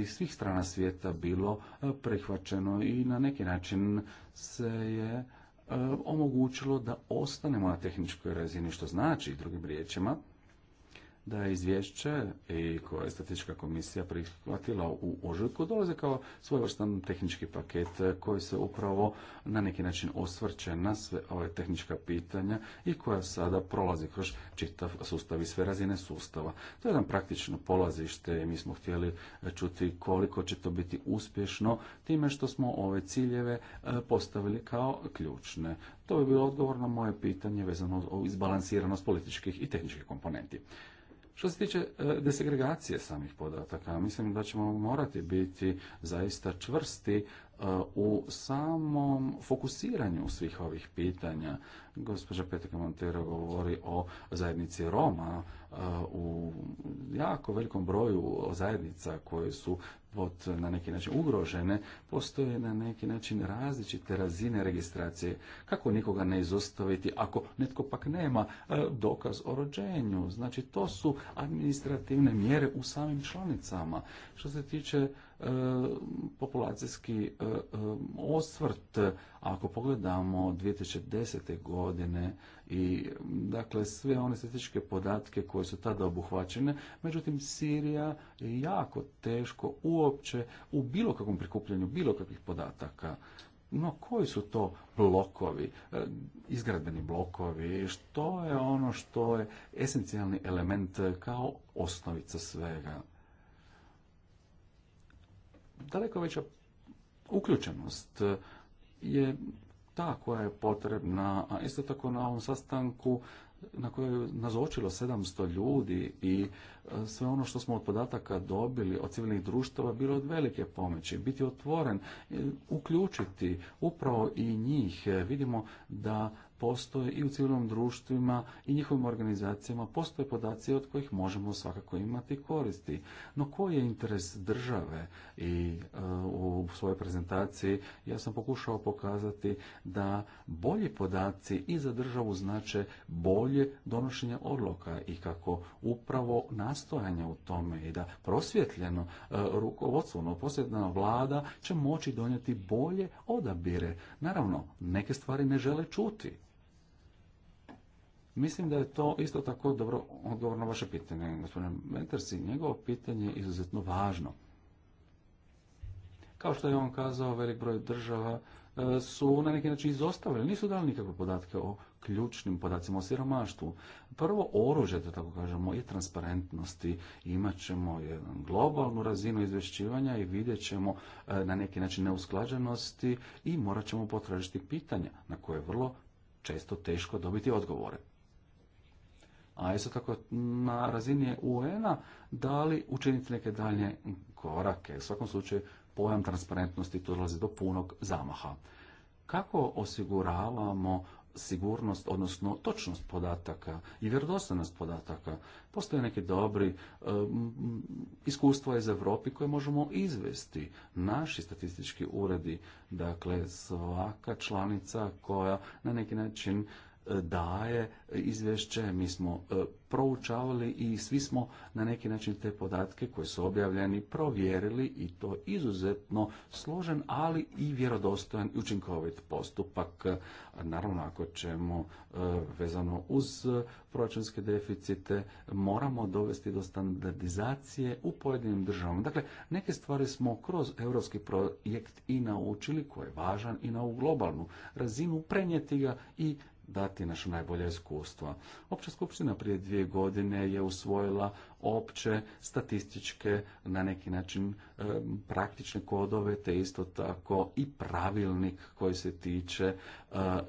iz svih strana svijeta bilo e, prihvaćeno i na neki način se je e, omogućilo da ostanemo na tehničkoj razini, što znači, drugim riječima, da je izvješće i koje je Statička komisija prihvatila u ožujku dolaze kao svojevrstan tehnički paket koji se upravo na neki način osvrće na sve ove tehnička pitanja i koja sada prolazi kroz čitav sustav i sve razine sustava. To je jedan praktično polazište i mi smo htjeli čuti koliko će to biti uspješno time što smo ove ciljeve e, postavili kao ključne. To bi bilo odgovor na moje pitanje vezano o izbalansiranost političkih i tehničkih komponenti. Što se tiče e, desegregacije samih podataka, mislim da ćemo morati biti zaista čvrsti u samom fokusiranju svih ovih pitanja. Gospođa Petra Montero govori o zajednici Roma u jako velikom broju zajednica koje su pod, na neki način ugrožene, postoje na neki način različite razine registracije. Kako nikoga ne izostaviti ako netko pak nema dokaz o rođenju? Znači, to su administrativne mjere u samim članicama. Što se tiče E, populacijski e, e, osvrt. Ako pogledamo 2010. godine i dakle sve one statističke podatke koje su tada obuhvaćene, međutim Sirija je jako teško uopće u bilo kakvom prikupljanju bilo kakvih podataka no koji su to blokovi, izgradbeni blokovi, što je ono što je esencijalni element kao osnovica svega daleko veća uključenost e, je ta koja je potrebna, a isto tako na ovom sastanku na kojoj je nazočilo 700 ljudi i e, sve ono što smo od podataka dobili od civilnih društava bilo od velike pomoći. Biti otvoren, uključiti upravo i njih. E, vidimo da postoje i u civilnom društvima i njihovim organizacijama postoje podaci od kojih možemo svakako imati koristi. No koji je interes države i e, u svojoj prezentaciji ja sam pokušao pokazati da bolji podaci i za državu znače bolje donošenje odluka i kako upravo nastojanje u tome i da prosvjetljeno e, rukovodstvo, no vlada će moći donijeti bolje odabire. Naravno, neke stvari ne žele čuti Mislim da je to isto tako dobro odgovor na vaše pitanje, gospodine Metersi. Njegovo pitanje je izuzetno važno. Kao što je on kazao, velik broj država e, su na neki način izostavili, nisu dali nikakve podatke o ključnim podacima o siromaštvu. Prvo oružje, da tako kažemo, je transparentnosti. Imat ćemo globalnu razinu izvješćivanja i vidjet ćemo e, na neki način neusklađenosti i morat ćemo potražiti pitanja na koje je vrlo često teško dobiti odgovore a isto tako na razini UN-a da li učiniti neke dalje korake. U svakom slučaju pojam transparentnosti tu dolazi do punog zamaha. Kako osiguravamo sigurnost, odnosno točnost podataka i vjerodostojnost podataka. Postoje neki dobri e, iskustva iz Europi koje možemo izvesti. Naši statistički uredi, dakle svaka članica koja na neki način daje izvješće, mi smo e, proučavali i svi smo na neki način te podatke koje su objavljeni provjerili i to izuzetno složen, ali i vjerodostojan i učinkovit postupak. Naravno, ako ćemo e, vezano uz proračunske deficite, moramo dovesti do standardizacije u pojedinim državama. Dakle, neke stvari smo kroz europski projekt i naučili, koji je važan i na ovu globalnu razinu, prenijeti ga i dati naše najbolje iskustva. Opća skupština prije dvije godine je usvojila opće statističke, na neki način praktične kodove, te isto tako i pravilnik koji se tiče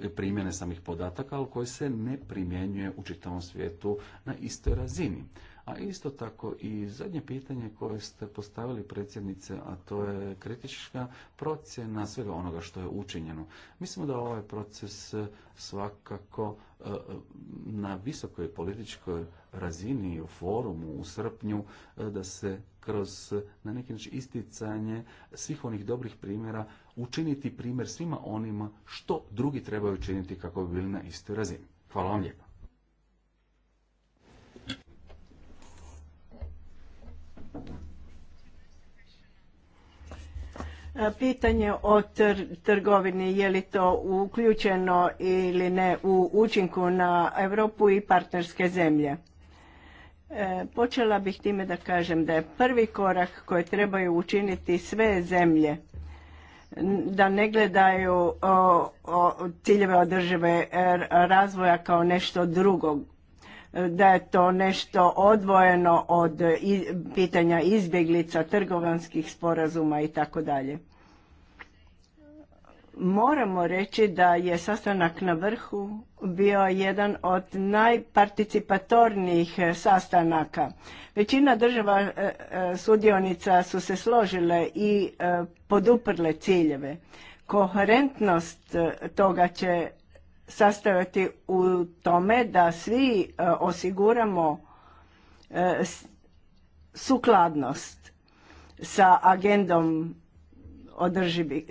e, primjene samih podataka, ali koji se ne primjenjuje u čitavom svijetu na istoj razini. A isto tako i zadnje pitanje koje ste postavili predsjednice, a to je kritička procjena svega onoga što je učinjeno. Mislimo da ovaj proces e, svakako e, e, na visokoj političkoj razini u forumu u srpnju da se kroz na neki način isticanje svih onih dobrih primjera učiniti primjer svima onima što drugi trebaju učiniti kako bi bili na istoj razini. Hvala vam lijepo. E, pitanje o trgovini, je li to uključeno ili ne u učinku na Europu i partnerske zemlje. E, počela bih time da kažem da je prvi korak koji trebaju učiniti sve zemlje da ne gledaju ciljeve održive e, razvoja kao nešto drugo da je to nešto odvojeno od pitanja izbjeglica, trgovanskih sporazuma i tako dalje. Moramo reći da je sastanak na vrhu bio jedan od najparticipatornijih e, sastanaka. Većina država e, e, sudionica su se složile i poduprle ciljeve. Koherentnost toga će sastojati u tome da svi e, osiguramo e, sukladnost sa agendom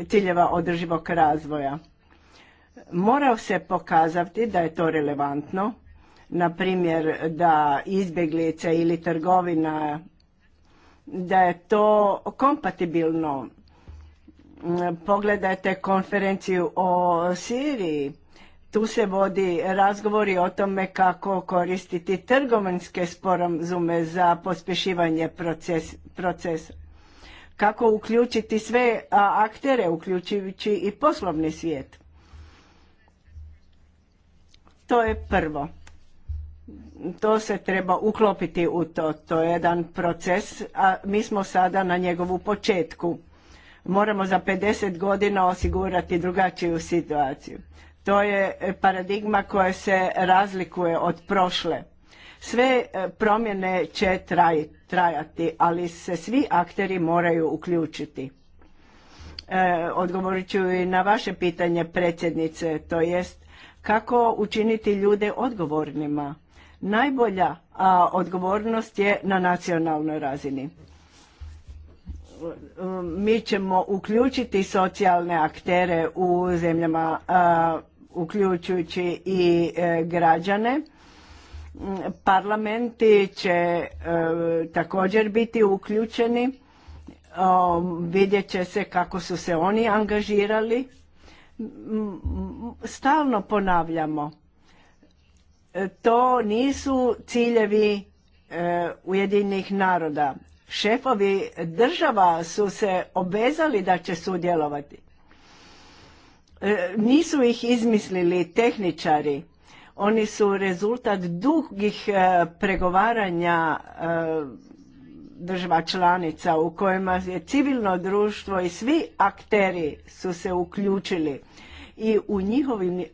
ciljeva održivog razvoja. Morao se pokazati da je to relevantno, na primjer da izbjeglice ili trgovina, da je to kompatibilno. Pogledajte konferenciju o Siriji, tu se vodi razgovori o tome kako koristiti trgovinske sporazume za pospješivanje proces, procesa. Kako uključiti sve aktere, uključujući i poslovni svijet. To je prvo. To se treba uklopiti u to. To je jedan proces, a mi smo sada na njegovu početku. Moramo za 50 godina osigurati drugačiju situaciju. To je paradigma koja se razlikuje od prošle. Sve e, promjene će traj, trajati, ali se svi akteri moraju uključiti. E, odgovorit ću i na vaše pitanje predsjednice, to jest kako učiniti ljude odgovornima. Najbolja a, odgovornost je na nacionalnoj razini. E, mi ćemo uključiti socijalne aktere u zemljama uključujući i e, građane. Parlamenti će e, također biti uključeni, vidjet će se kako su se oni angažirali. Stalno ponavljamo, e, to nisu ciljevi ujedinih naroda. Šefovi država su se obezali da će sudjelovati. E, nisu ih izmislili tehničari oni su rezultat dugih e, pregovaranja e, država članica u kojima je civilno društvo i svi akteri su se uključili i u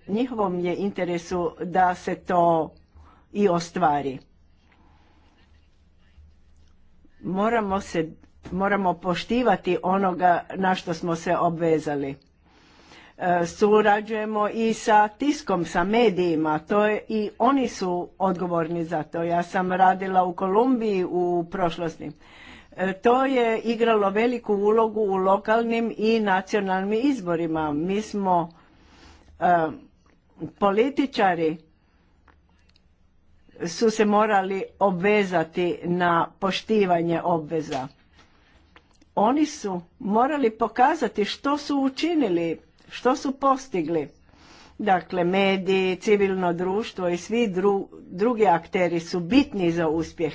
njihovom je interesu da se to i ostvari. Moramo, se, moramo poštivati onoga na što smo se obvezali. E, surađujemo i sa tiskom, sa medijima, to je i oni su odgovorni za to. Ja sam radila u Kolumbiji u prošlosti. E, to je igralo veliku ulogu u lokalnim i nacionalnim izborima. Mi smo e, političari su se morali obvezati na poštivanje obveza. Oni su morali pokazati što su učinili što su postigli? Dakle, mediji, civilno društvo i svi drugi akteri su bitni za uspjeh.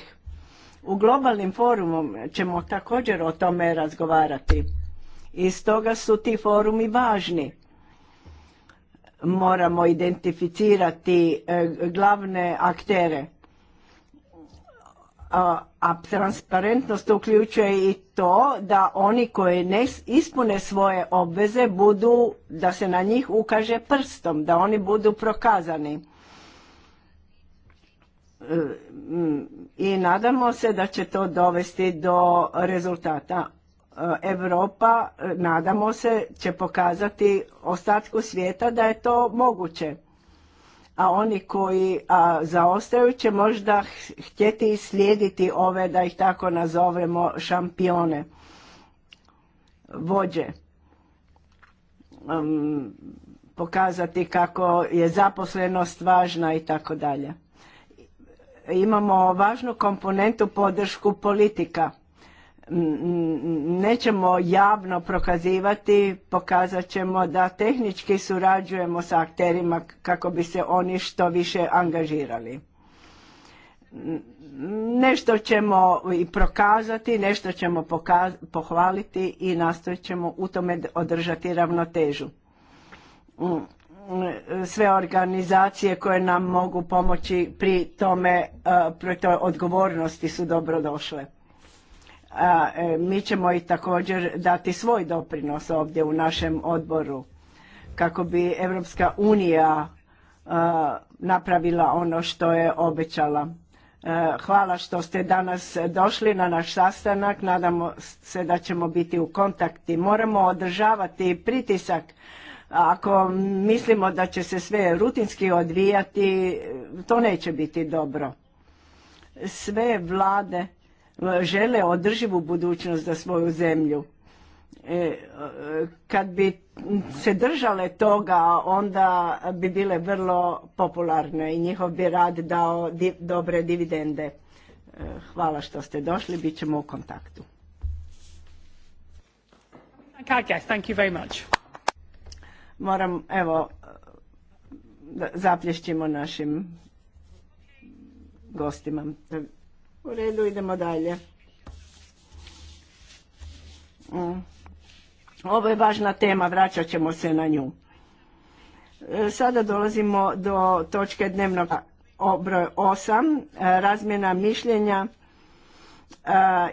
U globalnim forumom ćemo također o tome razgovarati. I stoga su ti forumi važni. Moramo identificirati e, glavne aktere a, transparentnost uključuje i to da oni koji ne ispune svoje obveze budu, da se na njih ukaže prstom, da oni budu prokazani. E, I nadamo se da će to dovesti do rezultata. Europa, e, nadamo se, će pokazati ostatku svijeta da je to moguće a oni koji zaostaju će možda htjeti slijediti ove, da ih tako nazovemo, šampione, vođe. Um, pokazati kako je zaposlenost važna i tako dalje. Imamo važnu komponentu podršku politika – nećemo javno prokazivati, pokazat ćemo da tehnički surađujemo sa akterima kako bi se oni što više angažirali. Nešto ćemo i prokazati, nešto ćemo pohvaliti i nastojat ćemo u tome održati ravnotežu. Sve organizacije koje nam mogu pomoći pri tome, e, pri toj odgovornosti su dobrodošle. A, e, mi ćemo i također dati svoj doprinos ovdje u našem odboru kako bi Europska unija e, napravila ono što je obećala. E, hvala što ste danas došli na naš sastanak. Nadamo se da ćemo biti u kontakti. Moramo održavati pritisak. Ako mislimo da će se sve rutinski odvijati, to neće biti dobro. Sve vlade žele održivu budućnost za svoju zemlju. E, kad bi se držale toga, onda bi bile vrlo popularne i njihov bi rad dao dobre dividende. E, hvala što ste došli, bit ćemo u kontaktu. Thank you very Moram, evo, da zaplješćimo našim gostima. U redu, idemo dalje. Ovo je važna tema, vraćat ćemo se na nju. E, sada dolazimo do točke dnevnog broj osam. E, razmjena mišljenja e,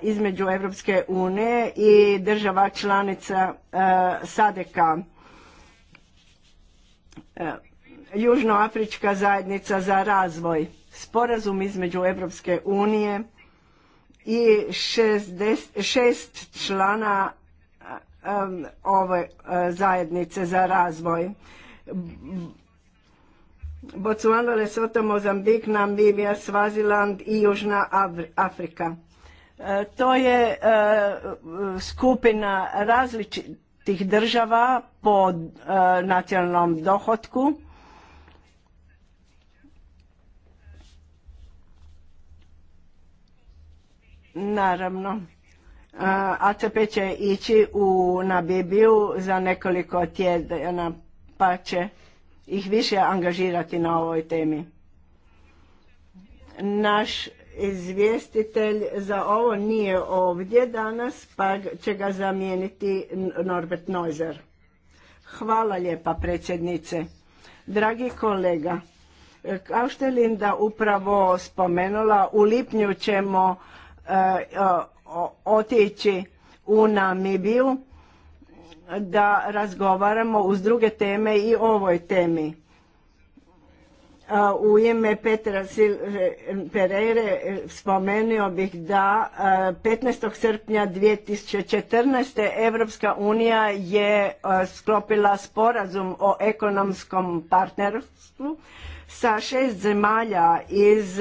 između Europske unije i država članica Sadeka. Južnoafrička zajednica za razvoj sporazum između Europske unije i šest, člana ove e, zajednice za razvoj. Botswana, Lesotho, Mozambik, Namibija, Svaziland i Južna Afrika. E, to je e, skupina različitih država po nacionalnom dohotku Naravno, ACP će ići u, na Bibiju za nekoliko tjedana pa će ih više angažirati na ovoj temi. Naš izvjestitelj za ovo nije ovdje danas, pa će ga zamijeniti Norbert Neuser. Hvala lijepa predsjednice. Dragi kolega, kao što je Linda upravo spomenula, u lipnju ćemo E, otići u Namibiju da razgovaramo uz druge teme i ovoj temi. E, u ime Petra e, Pereire spomenuo bih da 15. srpnja 2014. Evropska unija je sklopila sporazum o ekonomskom partnerstvu sa šest zemalja iz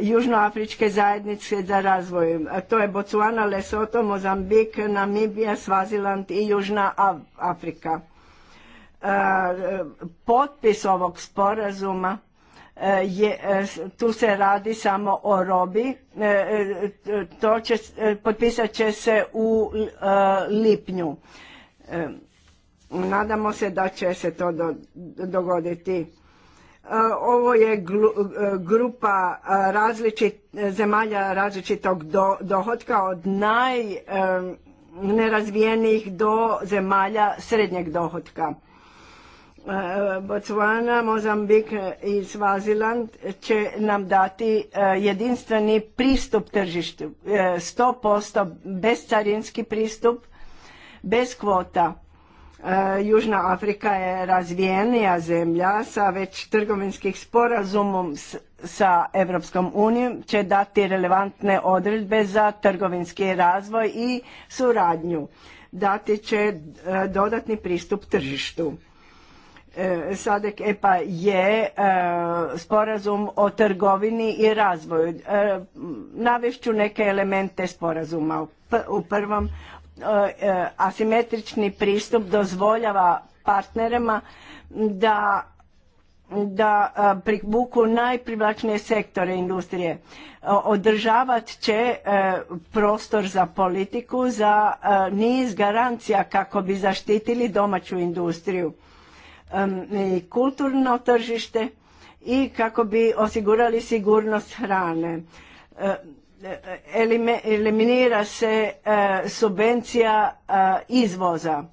južnoafričke zajednice za razvoj. To je Botswana, Lesoto, Mozambik, Namibija, Svaziland i Južna Afrika. E, potpis ovog sporazuma e, je, e, tu se radi samo o robi, to će, potpisat će se u lipnju. Nadamo se da će se to dogoditi E, ovo je e, grupa e, različit, zemalja različitog do, dohodka od najnerazvijenijih do zemalja srednjeg dohotka. Botswana, Mozambik i Svaziland će nam dati jedinstveni pristup tržištu, 100% bezcarinski pristup, bez kvota Eh, Južna Afrika je razvijenija zemlja sa već trgovinskih sporazumom sa Europskom unijom će dati relevantne odredbe za trgovinski razvoj i suradnju. Dati će eh, dodatni pristup tržištu. Eh, Sadek EPA je sporazum o trgovini i razvoju. Navešću neke elemente sporazuma. U prvom E, asimetrični pristup dozvoljava partnerima da da e, privuku najprivlačnije sektore industrije. E, održavat će prostor za politiku, za niz garancija kako bi zaštitili domaću industriju i kulturno tržište i kako bi osigurali sigurnost hrane eliminira se e, subvencija e, izvoza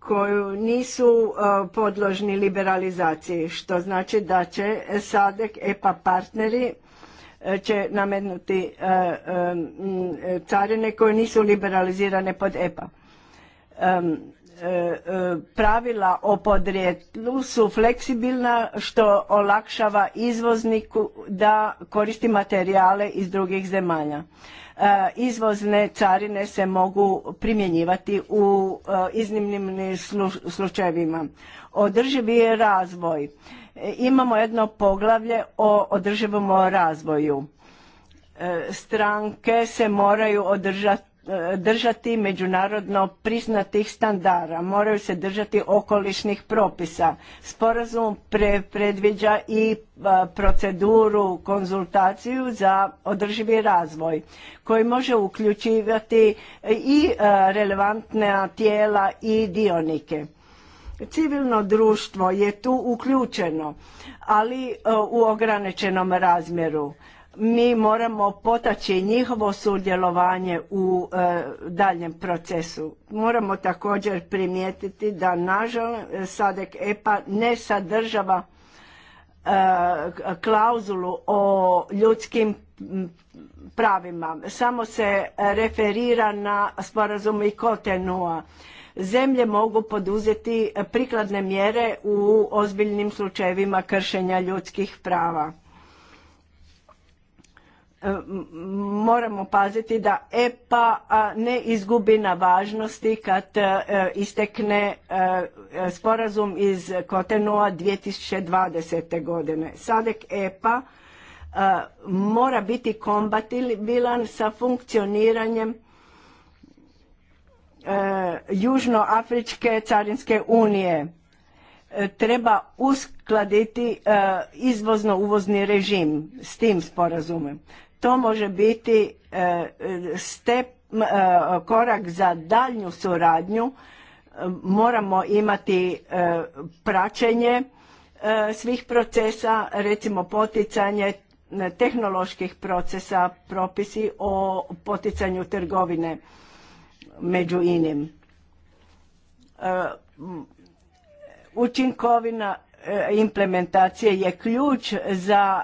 koju nisu e, podložni liberalizaciji, što znači da će SADEK, EPA partneri će nametnuti carine koje nisu liberalizirane pod EPA. E, e, pravila o podrijetlu su fleksibilna što olakšava izvozniku da koristi materijale iz drugih zemalja. E, izvozne carine se mogu primjenjivati u iznimnim slučajevima. Održivi je razvoj. Imamo jedno poglavlje o održivom razvoju. Stranke se moraju održati E, držati međunarodno priznatih standarda, moraju se držati okolišnih propisa. Sporazum predviđa i e, proceduru konzultaciju za održivi razvoj koji može uključivati i e, relevantna tijela i dionike. Civilno društvo je tu uključeno, ali u ograničenom razmjeru mi moramo potaći njihovo sudjelovanje u e, daljem procesu. Moramo također primijetiti da nažalost Sadek EPA ne sadržava e, klauzulu o ljudskim pravima. Samo se referira na sporazum i Kotenua. Zemlje mogu poduzeti prikladne mjere u ozbiljnim slučajevima kršenja ljudskih prava E, moramo paziti da EPA ne izgubi na važnosti kad e, istekne e, sporazum iz KOTENOA 2020. godine. Sadek EPA mora biti kombatibilan sa funkcioniranjem Južnoafričke carinske unije. Treba uskladiti izvozno-uvozni režim s tim sporazumom. To može biti e, step, e, korak za daljnju suradnju. E, moramo imati praćenje svih procesa, recimo poticanje tehnoloških procesa, propisi o poticanju trgovine među inim. Učinkovina E, implementacije je ključ za,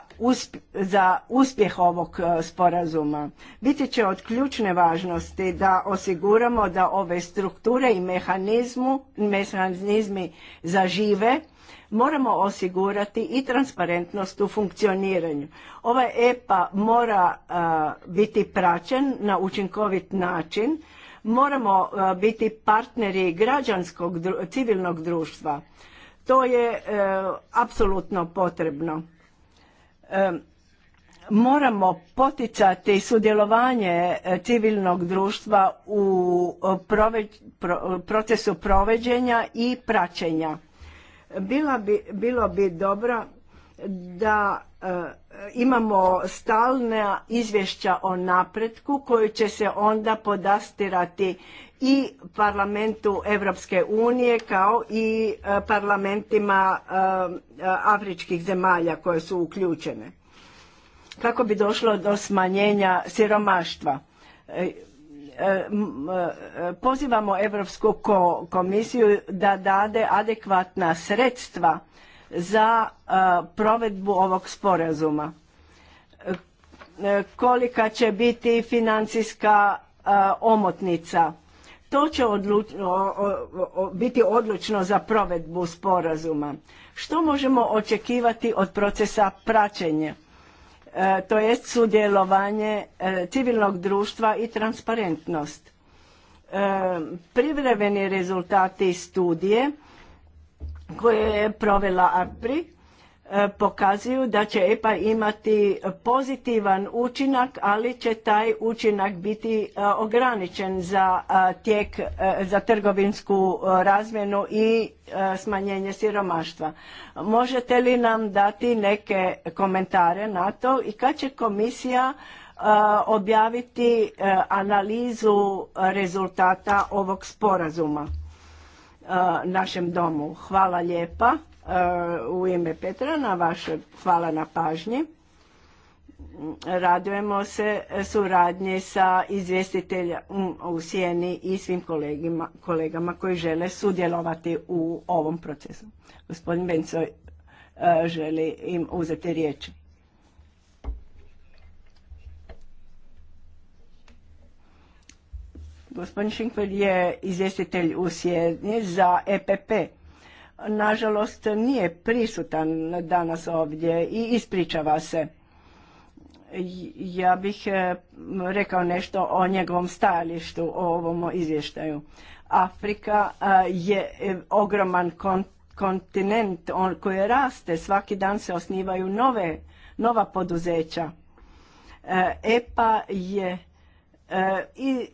za uspjeh ovog e, sporazuma. Biti će od ključne važnosti da osiguramo da ove strukture i mehanizmi zažive, moramo osigurati i transparentnost u funkcioniranju. Ova EPA mora e, biti praćen na učinkovit način, moramo biti partneri građanskog, civilnog društva to je e, apsolutno potrebno. E, moramo poticati sudjelovanje e, civilnog društva u procesu proveđenja i praćenja. Bila bi, bilo bi dobro da imamo stalna izvješća o napretku koji će se onda podastirati i parlamentu Europske unije kao i e, parlamentima e, e, afričkih zemalja koje su uključene kako bi došlo do smanjenja siromaštva. Pozivamo Europsku komisiju da dade adekvatna sredstva za provedbu ovog sporazuma. Kolika će biti financijska omotnica? to će o, biti odlučno za provedbu sporazuma. Što možemo očekivati od procesa praćenja, e, to je sudjelovanje e, civilnog društva i transparentnost. E, privremeni rezultati studije koje je provela APRI. E, pokazuju da će EPA imati pozitivan učinak, ali će taj učinak biti e, ograničen za e, tijek, za trgovinsku razmjenu i smanjenje siromaštva. Možete li nam dati neke komentare na to i kad će komisija objaviti analizu rezultata ovog sporazuma našem domu? Hvala lijepa u ime Petra na vaše hvala na pažnji. Radujemo se suradnji sa izvjestiteljem um, u Sijeni i svim kolegama koji žele sudjelovati u ovom procesu. Gospodin Bencoj e, želi im uzeti riječ. Gospodin Šinkver je izvjestitelj u Sijeni za EPP nažalost nije prisutan danas ovdje i ispričava se. Ja bih e, rekao nešto o njegovom stajalištu, o ovom izvještaju. Afrika e, je e, ogroman kontinent koji raste, svaki dan se osnivaju nove, nova poduzeća. EPA je i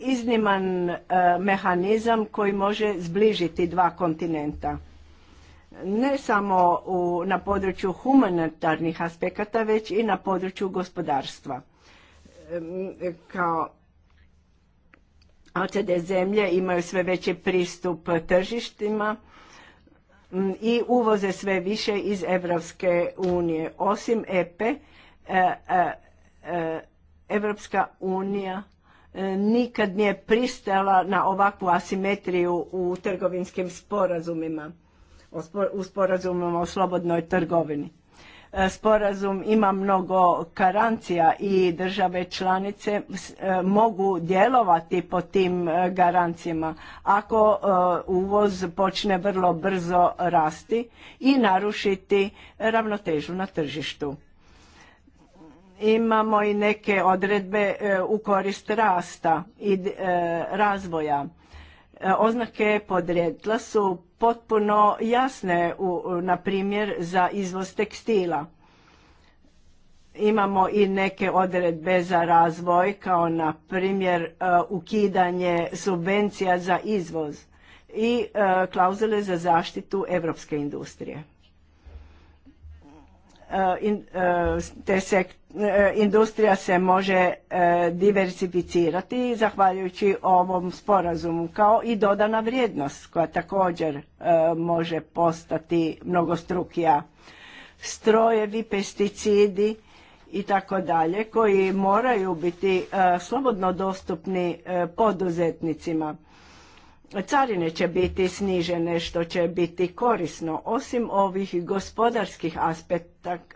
izniman e, mehanizam koji može zbližiti dva kontinenta. Ne samo u, na području humanitarnih aspekata, već i na području gospodarstva. E, kao OCD zemlje imaju sve veći pristup tržištima i uvoze sve više iz Evropske unije. Osim EPE, e, Evropska unija E, nikad nije pristala na ovakvu asimetriju u trgovinskim sporazumima, u sporazumima o slobodnoj trgovini. E, sporazum ima mnogo garancija i države članice e, mogu djelovati po tim garancijama ako uvoz počne vrlo brzo rasti i narušiti ravnotežu na tržištu imamo i neke odredbe e, u korist rasta i e, razvoja. E, oznake podrijetla su potpuno jasne, na primjer, za izvoz tekstila. Imamo i neke odredbe za razvoj, kao na primjer ukidanje subvencija za izvoz i klauzule za zaštitu evropske industrije. Eh, eh, te se eh, industrija se može diversificirati zahvaljujući ovom sporazumu kao i dodana vrijednost koja također može postati mnogostrukija. Strojevi, pesticidi i tako dalje koji moraju biti slobodno dostupni poduzetnicima carine će biti snižene što će biti korisno. Osim ovih gospodarskih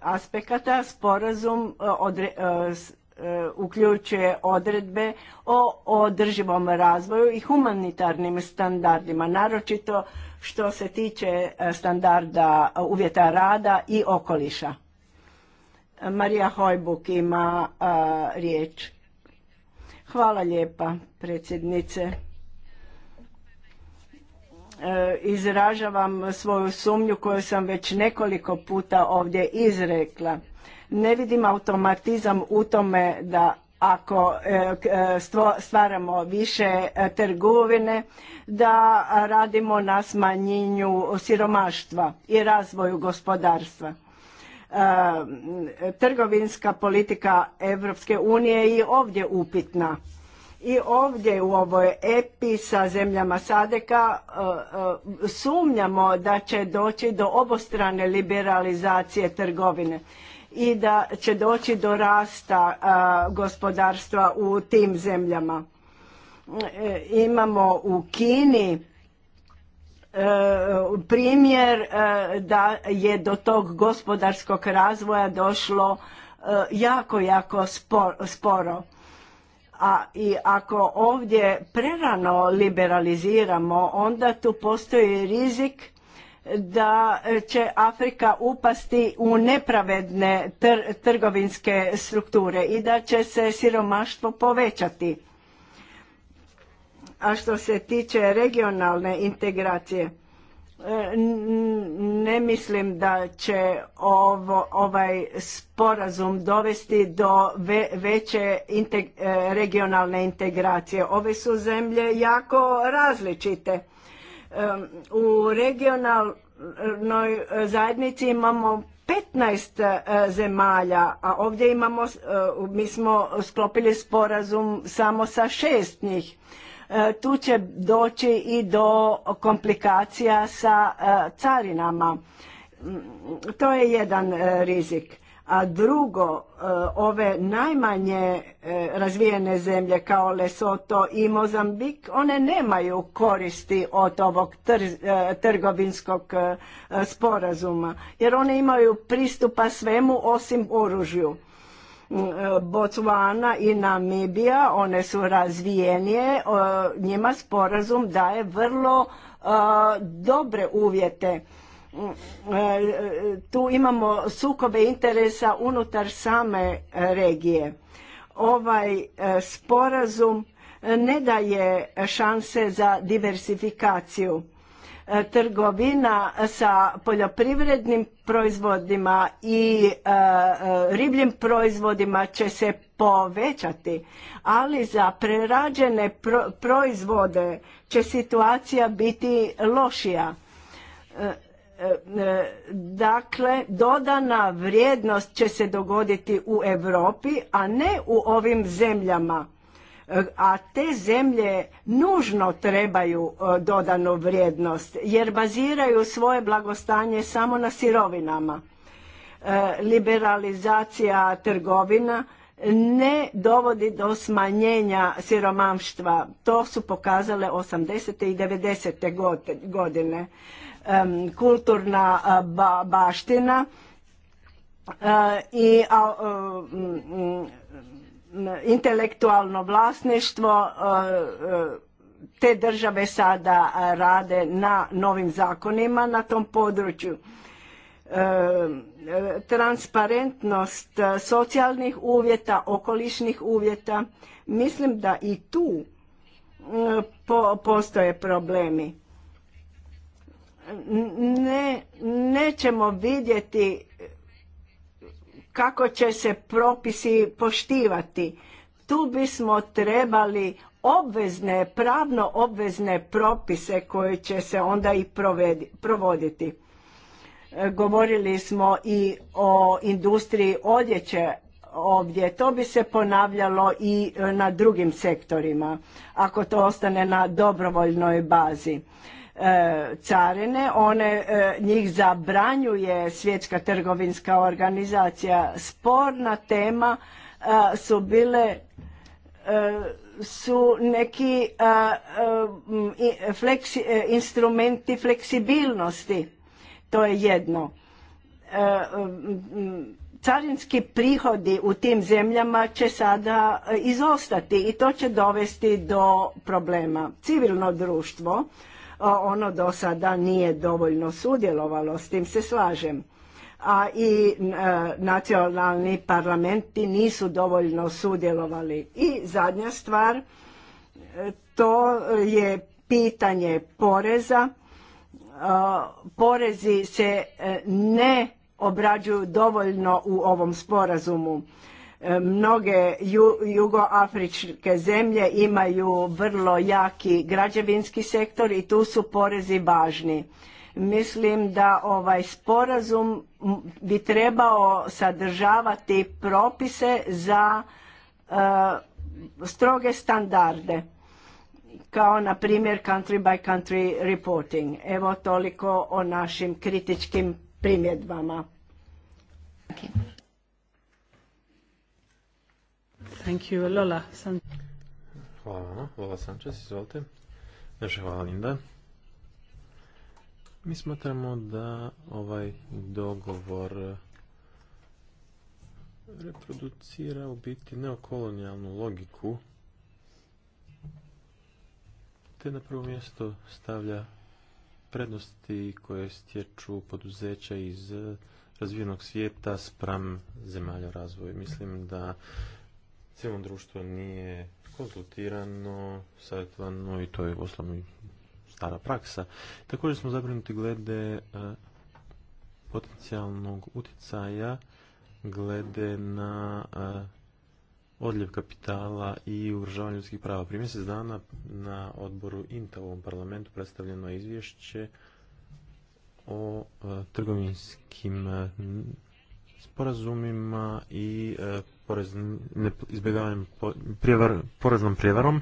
aspekata, sporazum e, e, e, uključuje odredbe o održivom razvoju i humanitarnim standardima, naročito što se tiče standarda uvjeta rada i okoliša. Marija Hojbuk ima riječ. Hvala lijepa, predsjednice. E, izražavam svoju sumnju koju sam već nekoliko puta ovdje izrekla. Ne vidim automatizam u tome da ako e, e, stvaramo više trgovine, da radimo na smanjenju siromaštva i razvoju gospodarstva. Trgovinska politika Europske unije je i ovdje upitna i ovdje u ovoj EPI sa zemljama Sadeka e, e, sumnjamo da će doći do obostrane liberalizacije trgovine i da će doći do rasta e, gospodarstva u tim zemljama. Imamo u Kini primjer da je do tog gospodarskog razvoja došlo jako, jako sporo a i ako ovdje prerano liberaliziramo, onda tu postoji rizik da će Afrika upasti u nepravedne trgovinske strukture i da će se siromaštvo povećati. A što se tiče regionalne integracije, E, ne mislim da će ovo, ovaj sporazum dovesti do veće e, regionalne integracije. Ove su zemlje jako različite. E, u regionalnoj zajednici imamo 15 zemalja, a ovdje imamo, mi smo sklopili sporazum samo sa šest njih E, tu će doći i do komplikacija sa e, carinama. Mm, to je jedan e, rizik. A drugo, ove najmanje razvijene zemlje kao Lesoto i Mozambik, one nemaju koristi od ovog trgovinskog sporazuma, jer one imaju pristupa svemu osim oružju. Botswana i Namibija, one su razvijenije, njima sporazum daje vrlo dobre uvjete. E, tu imamo sukobe interesa unutar same e, regije. Ovaj e, sporazum ne daje šanse za diversifikaciju E, trgovina sa poljoprivrednim proizvodima i e, e, ribljim proizvodima će se povećati, ali za prerađene proizvode će situacija biti lošija. Dakle, dodana vrijednost će se dogoditi u Europi, a ne u ovim zemljama a te zemlje nužno trebaju e, dodanu vrijednost jer baziraju svoje blagostanje samo na sirovinama. E, liberalizacija trgovina ne dovodi do smanjenja siromaštva. To su pokazale 80. i 90. godine. E, kulturna baština i intelektualno vlasništvo e, e, te države sada rade na novim zakonima na tom području. E, transparentnost socijalnih uvjeta, okolišnih uvjeta, mislim da i tu postoje problemi. Ne, nećemo vidjeti kako će se propisi poštivati. Tu bismo trebali obvezne, pravno obvezne propise koje će se onda i provoditi. E, govorili smo i o industriji odjeće ovdje. To bi se ponavljalo i e, na drugim sektorima, ako to ostane na dobrovoljnoj bazi. E, carine, one e, njih zabranjuje svjetska trgovinska organizacija. Sporna tema e, su bile su neki instrumenti fleksibilnosti. To je jedno. Carinski prihodi u tim zemljama će sada izostati i to će dovesti do problema. Civilno društvo ono do sada nije dovoljno sudjelovalo, s tim se slažem. A i e, nacionalni parlamenti nisu dovoljno sudjelovali. I zadnja stvar, e, to je pitanje poreza. E, porezi se ne obrađuju dovoljno u ovom sporazumu Mnoge jugoafričke zemlje imaju vrlo jaki građevinski sektor i tu su porezi važni. Mislim da ovaj sporazum bi trebao sadržavati propise za e, stroge standarde kao na primjer country by country reporting. Evo toliko o našim kritičkim primjedbama. Thank you. Lola Hvala vama. Lola Sanchez, izvolite. Mi smatramo da ovaj dogovor eh, reproducira u biti neokolonijalnu logiku te na prvo mjesto stavlja prednosti koje stječu poduzeća iz eh, razvijenog svijeta spram zemalja razvoju. Mislim da civilno društvo nije konzultirano, savjetovano i to je osnovno stara praksa. Također smo zabrinuti glede e, potencijalnog utjecaja glede na e, odljev kapitala i ugrožavanje ljudskih prava. Prije mjesec dana na odboru INTA u ovom parlamentu predstavljeno je izvješće o e, trgovinskim sporazumima i e, ne, izbjegavanjem prijevar, poreznom prijevarom,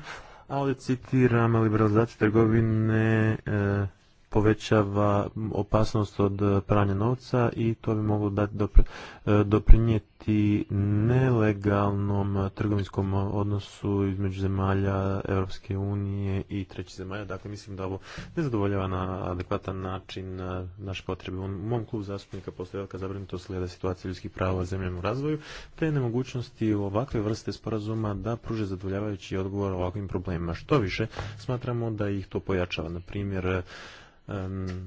a ovdje citiram liberalizaciju trgovine e, povećava opasnost od e, pranja novca i to bi moglo dati e, doprinijeti nelegalnom e, trgovinskom odnosu između zemalja Europske unije i trećih zemalja. Dakle, mislim da ovo ne zadovoljava na adekvatan način naše potrebe. U mom klubu zastupnika postoje velika zabrinutost slijeda situacije ljudskih prava zemljama u razvoju, te nemogućnosti ovakve vrste sporazuma da pruže zadovoljavajući odgovor ovakvim problemima. Što više, smatramo da ih to pojačava. Na primjer, um,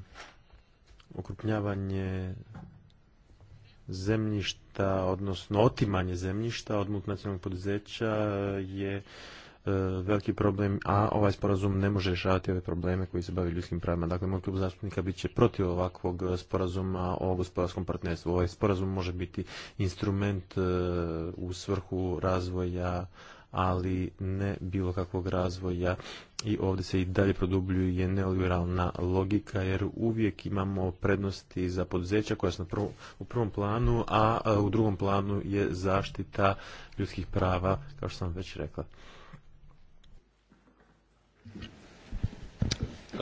okrupnjavanje zemljišta, odnosno otimanje zemljišta od multinacionalnog poduzeća je e, veliki problem, a ovaj sporazum ne može rješavati ove probleme koji se bavi ljudskim pravima. Dakle, moj klub zastupnika bit će protiv ovakvog sporazuma o gospodarskom partnerstvu. Ovaj sporazum može biti instrument e, u svrhu razvoja ali ne bilo kakvog razvoja i ovdje se i dalje produbljuje neoliberalna logika jer uvijek imamo prednosti za poduzeća koja su u prvom planu, a u drugom planu je zaštita ljudskih prava, kao što sam već rekla.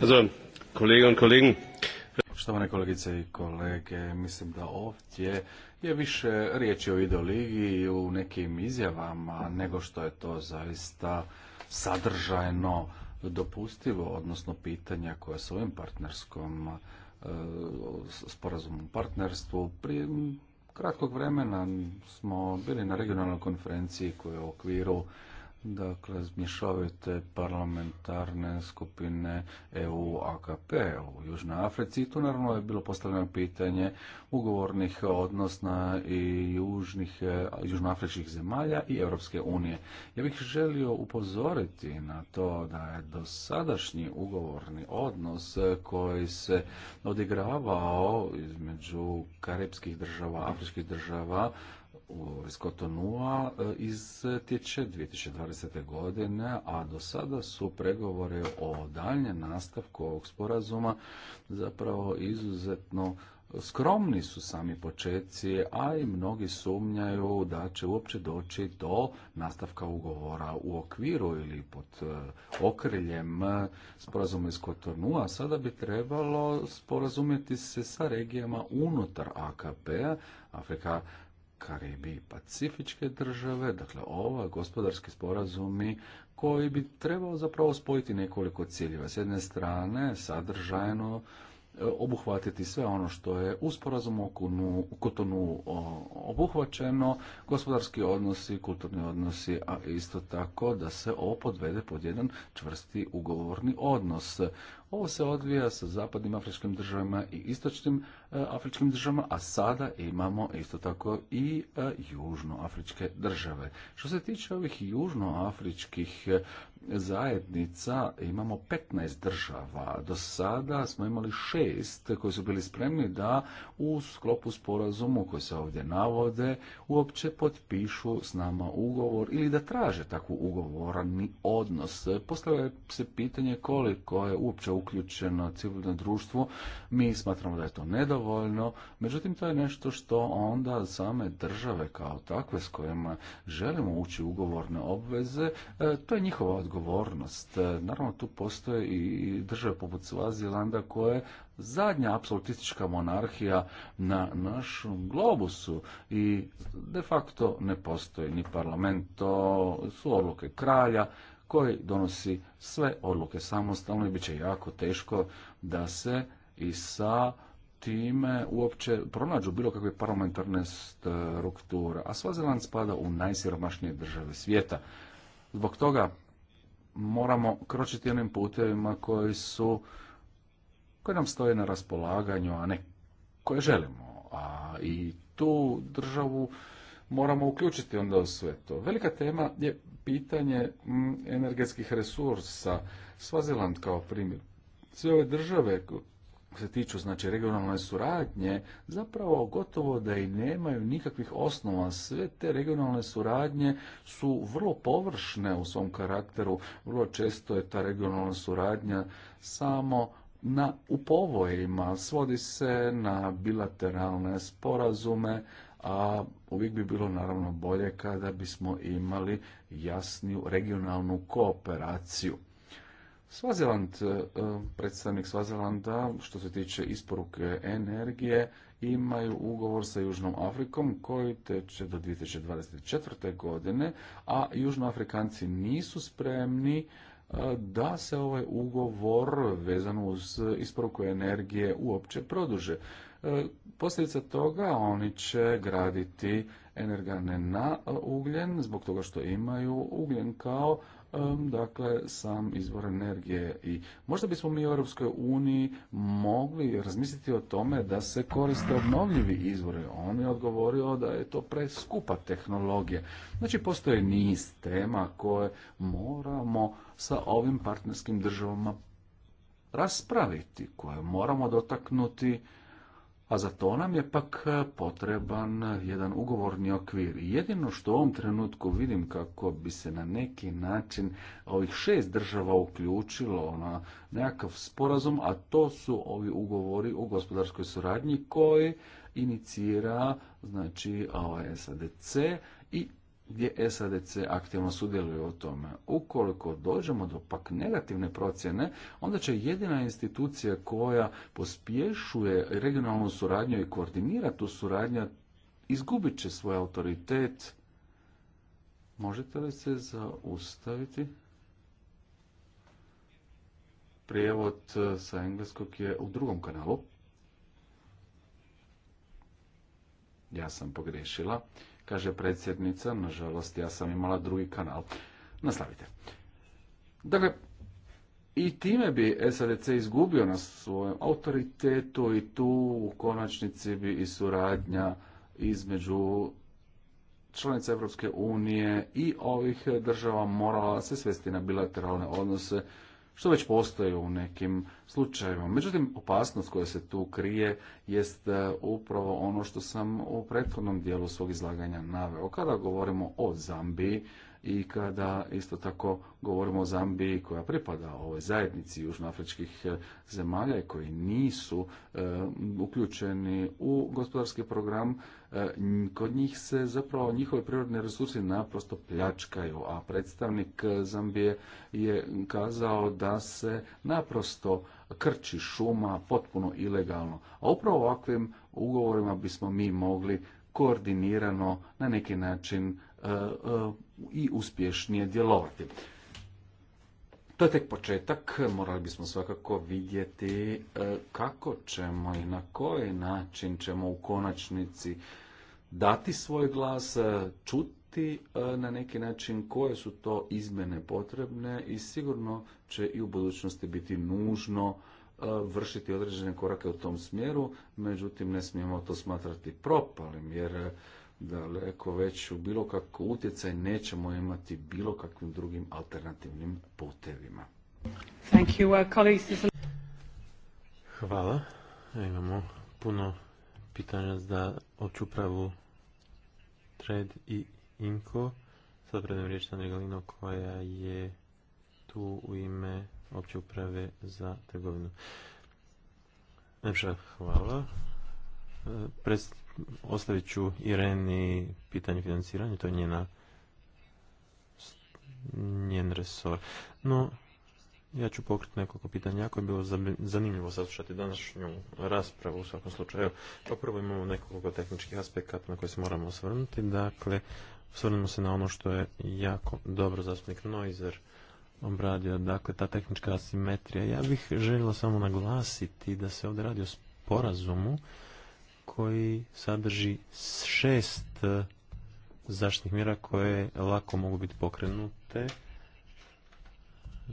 Also, Štovane kolegice i kolege, mislim da ovdje je više riječi o ideologiji u nekim izjavama nego što je to zaista sadržajno dopustivo, odnosno pitanja koja su ovim partnerskom e, sporazumom partnerstvu prije kratkog vremena smo bili na regionalnoj konferenciji koja je u okviru dakle, mješovite parlamentarne skupine EU, AKP u Južnoj Africi. tu naravno je bilo postavljeno pitanje ugovornih odnosna i južnih, e, južnoafričkih zemalja i Europske unije. Ja bih želio upozoriti na to da je dosadašnji ugovorni odnos koji se odigravao između karepskih država, afričkih država, ugovor iz Kotonua 2020. E, e, godine, a do sada su pregovore o daljnjem nastavku ovog sporazuma zapravo izuzetno skromni su sami početci, a i mnogi sumnjaju da će uopće doći do nastavka ugovora u okviru ili pod e, okriljem sporazuma iz Kotonua. Sada bi trebalo sporazumjeti se sa regijama unutar AKP, p-a, Afrika, Karibi i Pacifičke države, dakle ova gospodarski sporazumi koji bi trebao zapravo spojiti nekoliko ciljeva. S jedne strane sadržajno e, obuhvatiti sve ono što je u sporazumu o Kotonu obuhvaćeno, gospodarski odnosi, kulturni odnosi, a isto tako da se ovo podvede pod jedan čvrsti ugovorni odnos. Ovo se odvija sa zapadnim afričkim državama i istočnim e, afričkim državama, a sada imamo isto tako i e, južnoafričke države. Što se tiče ovih južnoafričkih e, zajednica imamo 15 država. Do sada smo imali šest koji su bili spremni da u sklopu sporazumu koji se ovdje navode uopće potpišu s nama ugovor ili da traže takvu ugovorani odnos. Postavlja se pitanje koliko je uopće uključeno civilno društvo. Mi smatramo da je to nedovoljno, međutim to je nešto što onda same države kao takve s kojima želimo ući ugovorne obveze, e, to je njihova odgovornost. E, naravno tu postoje i države poput Svazilanda koje zadnja apsolutistička monarhija na našem globusu i de facto ne postoji ni parlament, to su odluke kralja koji donosi sve odluke samostalno i bit će jako teško da se i sa time uopće pronađu bilo kakve parlamentarne strukture, a Svaziland spada u najsiromašnije države svijeta. Zbog toga moramo kročiti onim putevima koji su koji nam stoje na raspolaganju, a ne koje želimo. A i tu državu moramo uključiti onda u sve to. Velika tema je pitanje mm, energetskih resursa. Svaziland kao primjer. Sve ove države se tiču znači regionalne suradnje, zapravo gotovo da i nemaju nikakvih osnova. Sve te regionalne suradnje su vrlo površne u svom karakteru. Vrlo često je ta regionalna suradnja samo na u povojima svodi se na bilateralne sporazume, a uvijek bi bilo naravno bolje kada bismo imali jasniju regionalnu kooperaciju. Svazeland, e, predstavnik Svazilanda, što se tiče isporuke energije, imaju ugovor sa Južnom Afrikom koji teče do 2024. godine, a Južnoafrikanci nisu spremni e, da se ovaj ugovor vezan uz isporuku energije uopće produže. E, posljedica toga oni će graditi energane na e, ugljen zbog toga što imaju ugljen kao e, dakle sam izvor energije i možda bismo mi u Europskoj uniji mogli razmisliti o tome da se koriste obnovljivi izvori. On je odgovorio da je to preskupa tehnologija. Znači postoje niz tema koje moramo sa ovim partnerskim državama raspraviti, koje moramo dotaknuti a za to nam je pak e, potreban jedan ugovorni okvir. Jedino što u ovom trenutku vidim kako bi se na neki način ovih šest država uključilo na nekakav sporazum, a to su ovi ugovori o gospodarskoj suradnji koji inicira znači ovaj SADC i gdje SADC aktivno sudjeluje u tome. Ukoliko dođemo do pak negativne procjene, onda će jedina institucija koja pospješuje regionalnu suradnju i koordinira tu suradnju, izgubit će svoj autoritet. Možete li se zaustaviti? Prijevod sa engleskog je u drugom kanalu. Ja sam pogrešila kaže predsjednica. Nažalost, ja sam imala drugi kanal. Nastavite. Dakle, i time bi SADC izgubio na svojem autoritetu i tu u konačnici bi i suradnja između članica Europske unije i ovih država morala se svesti na bilateralne odnose što već postoji u nekim slučajevima. Međutim, opasnost koja se tu krije jest e, upravo ono što sam u prethodnom dijelu svog izlaganja naveo. Kada govorimo o Zambiji, i kada isto tako govorimo o Zambiji koja pripada ovoj zajednici južnoafričkih e, zemalja i koji nisu e, uključeni u gospodarski program, e, kod njih se zapravo njihove prirodne resursi naprosto pljačkaju, a predstavnik Zambije je kazao da se naprosto krči šuma potpuno ilegalno. A upravo ovakvim ugovorima bismo mi mogli koordinirano na neki način e, i uspješnije djelovati. To je tek početak, morali bismo svakako vidjeti e, kako ćemo i na koji način ćemo u konačnici dati svoj glas, e, čuti e, na neki način koje su to izmjene potrebne i sigurno će i u budućnosti biti nužno vršiti određene korake u tom smjeru, međutim ne smijemo to smatrati propalim, jer daleko u bilo kakvu utjecaj nećemo imati bilo kakvim drugim alternativnim putevima. Uh, hvala. Imamo puno pitanja za opću pravu Tred i Inko. Sad predam riječ na koja je tu u ime opće uprave za trgovinu. Najpša hvala. E, Preds ostavit ću Ireni pitanje financiranja, to je njena njen resor. No, ja ću pokriti nekoliko pitanja. Jako je bilo zanimljivo saslušati današnju raspravu u svakom slučaju. Pa prvo imamo nekoliko tehničkih aspekata na koje se moramo osvrnuti. Dakle, osvrnimo se na ono što je jako dobro zastupnik Noizer obradio. Dakle, ta tehnička asimetrija. Ja bih željela samo naglasiti da se ovdje radi o sporazumu koji sadrži šest e, zaštitnih mjera koje lako mogu biti pokrenute.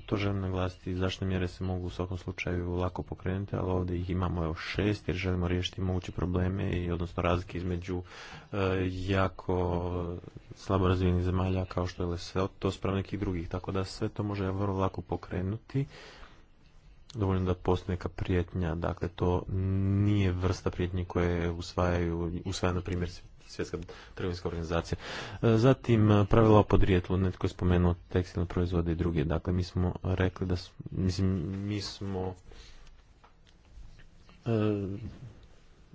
To želim naglasiti, zaštitne mjere se mogu u svakom slučaju lako pokrenuti, ali ovdje ih imamo evo šest jer želimo riješiti moguće probleme i odnosno razlike između e, jako slabo razvijenih zemalja kao što je to spravo nekih drugih, tako da sve to može vrlo lako pokrenuti dovoljno da postoji neka prijetnja, dakle to nije vrsta prijetnje koje usvajaju, usvaja na primjer svjetska trgovinska organizacija. E, zatim e, pravila o podrijetlu, netko je spomenuo tekstilne proizvode i druge. Dakle, mi smo rekli da, mislim, mi smo e,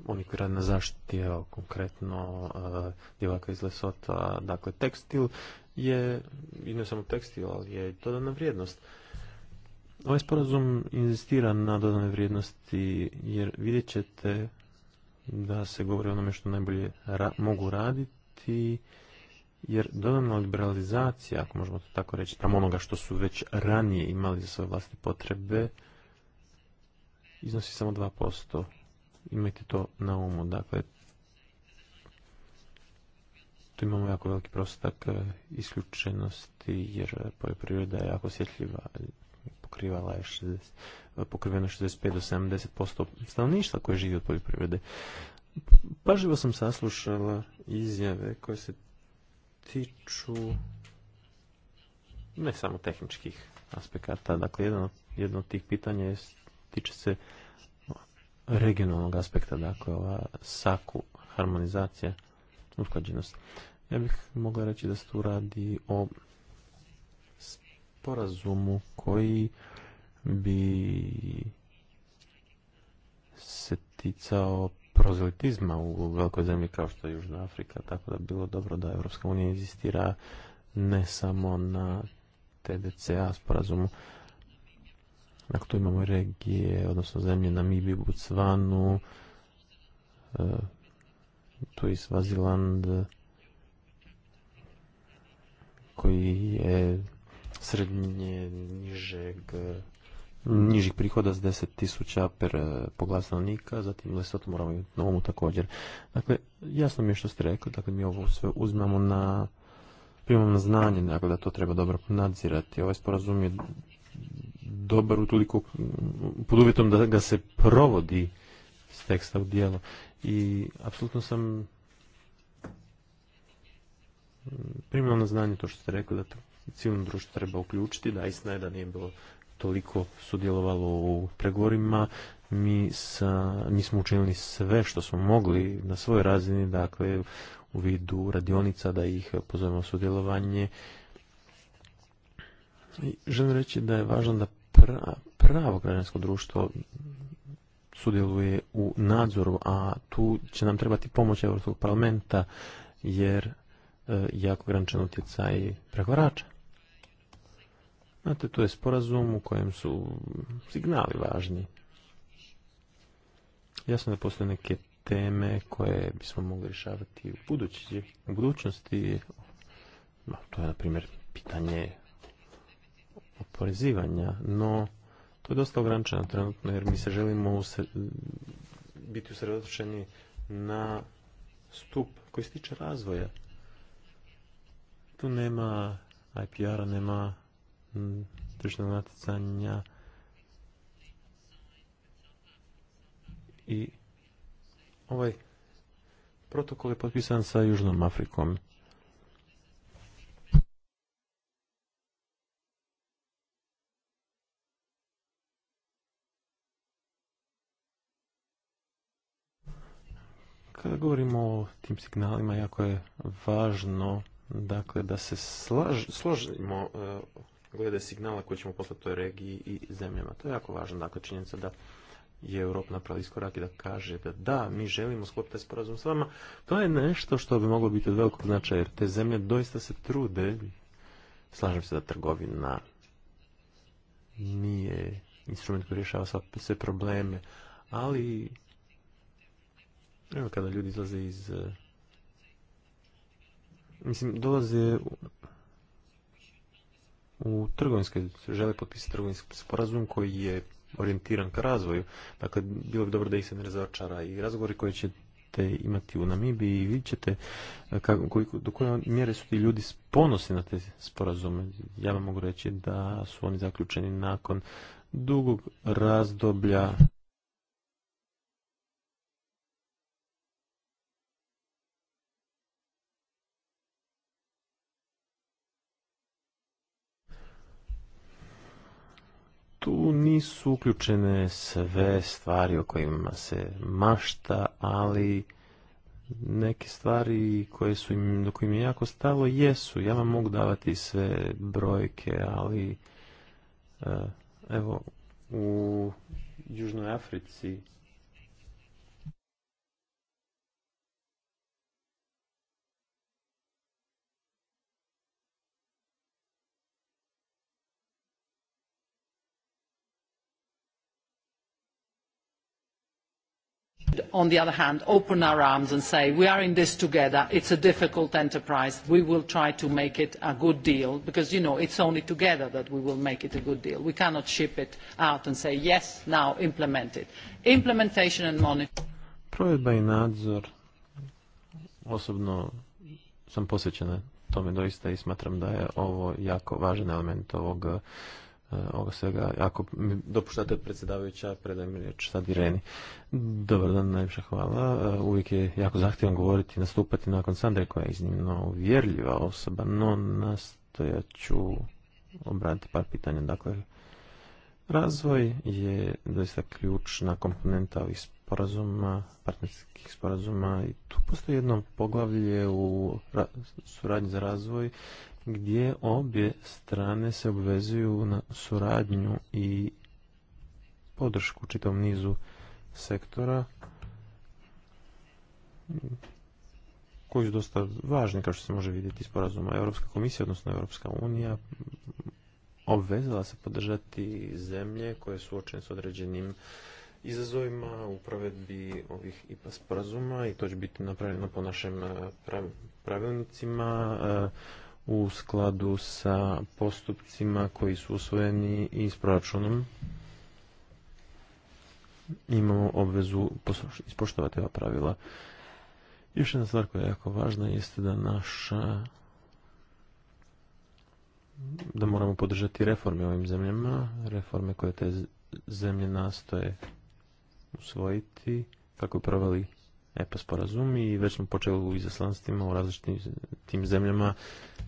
oni koji rade na zaštiti, evo, konkretno uh, djevaka iz Lesota, dakle, tekstil je, i ne samo tekstil, ali je dodana vrijednost. Ovaj sporazum inzistira na dodane vrijednosti jer vidjet ćete da se govori o onome što najbolje mogu raditi jer dodana liberalizacija, ako možemo to tako reći, tamo onoga što su već ranije imali za svoje vlastne potrebe, iznosi samo 2%. Imajte to na umu. Dakle, tu imamo jako veliki prostak e, isključenosti jer poljoprivreda je jako osjetljiva pokrivala je 60, pokriveno 65 do 70% stanovništva koje živi od poljoprivrede. Pažljivo sam saslušala izjave koje se tiču ne samo tehničkih aspekata. Dakle, jedno, jedno od tih pitanja je, tiče se regionalnog aspekta, dakle, ova saku harmonizacija, usklađenost. Ja bih mogla reći da se tu radi o sporazumu koji bi se ticao prozelitizma u velikoj zemlji kao što je Južna Afrika, tako da bi bilo dobro da Europska unija inzistira ne samo na TDCA sporazumu. Dakle, tu imamo regije, odnosno zemlje Namibiju, Bucvanu, e, tu i Svaziland, koji je srednje nižeg nižih prihoda s 10.000 per eh, po zatim Lesot moramo na umu također. Dakle, jasno mi je što ste rekli, dakle mi ovo sve uzmemo na primamo na znanje, dakle da to treba dobro nadzirati. Ovaj sporazum je dobar utoliko mm, pod uvjetom da ga se provodi s teksta u dijelo. I apsolutno sam mm, primio na znanje to što ste rekli da i civilno društvo treba uključiti. Da, istina je da nije bilo toliko sudjelovalo u pregovorima. Mi, sa, mi smo učinili sve što smo mogli na svojoj razini, dakle u vidu radionica da ih pozovemo sudjelovanje. I želim reći da je važno da pravo građansko društvo sudjeluje u nadzoru, a tu će nam trebati pomoć Europskog parlamenta jer e, jako ograničen utjecaj pregovarača. Znate, to je sporazum u kojem su signali važni. Jasno da postoje neke teme koje bismo mogli rješavati u, budućnosti, u budućnosti. No, to je, na primjer, pitanje oporezivanja, no to je dosta ograničeno trenutno jer mi se želimo biti usredotočeni na stup koji se tiče razvoja. Tu nema IPR-a, nema Mm, tržišnog natjecanja i ovaj protokol je potpisan sa Južnom Afrikom. Kada govorimo o tim signalima, jako je važno dakle, da se slaž, složimo e, glede signala koji ćemo poslati toj regiji i zemljama. To je jako važno, dakle činjenica da je Europa napravila iskorak i da kaže da da, mi želimo sklopiti sporazum s vama, to je nešto što bi moglo biti od velikog značaja, jer te zemlje doista se trude, slažem se da trgovina nije instrument koji rješava sve probleme, ali evo kada ljudi izlaze iz mislim dolaze u trgovinske, žele potpisati trgovinski sporazum koji je orijentiran ka razvoju. Dakle, bilo bi dobro da ih se ne razočara i razgovori koje ćete imati u Namibiji i vidjet ćete e, do koje mjere su ti ljudi ponosni na te sporazume. Ja vam mogu reći da su oni zaključeni nakon dugog razdoblja tu nisu uključene sve stvari o kojima se mašta, ali neke stvari koje su im, do kojim je jako stalo jesu. Ja vam mogu davati sve brojke, ali e, evo u Južnoj Africi on the other hand open our arms and say we are in this together it's a difficult enterprise we will try to make it a good deal because you know it's only together that we will make it a good deal we cannot ship it out and say yes now implement it implementation and monitoring osobno sam to tome doista i smatram da je ovo jako važan element ovog E, Ovo svega. Ako mi dopuštate predsjedavajuća, predajem riječ sad Ireni. Dobar dan, najviše hvala. E, uvijek je jako zahtjevan govoriti, nastupati nakon Sandre koja je iznimno uvjerljiva osoba, no nastojat ću obratiti par pitanja. Dakle, razvoj je doista ključna komponenta ovih sporazuma, partnerskih sporazuma i tu postoji jedno poglavlje u suradnji za razvoj gdje obje strane se obvezuju na suradnju i podršku čitom nizu sektora koji su dosta važni kao što se može vidjeti iz porazuma Europska komisija, odnosno Europska unija obvezala se podržati zemlje koje su s određenim izazovima u provedbi ovih IPA sporazuma i to će biti napravljeno po našim eh, pravilnicima eh, u skladu sa postupcima koji su usvojeni i s proračunom. Imamo obvezu ispoštovati ova pravila. Još jedna stvar koja je jako važna jeste da naša da moramo podržati reforme u ovim zemljama, reforme koje te zemlje nastoje usvojiti kako bi proveli EPA sporazumi i već smo počeli u izaslanstvima u različitim tim zemljama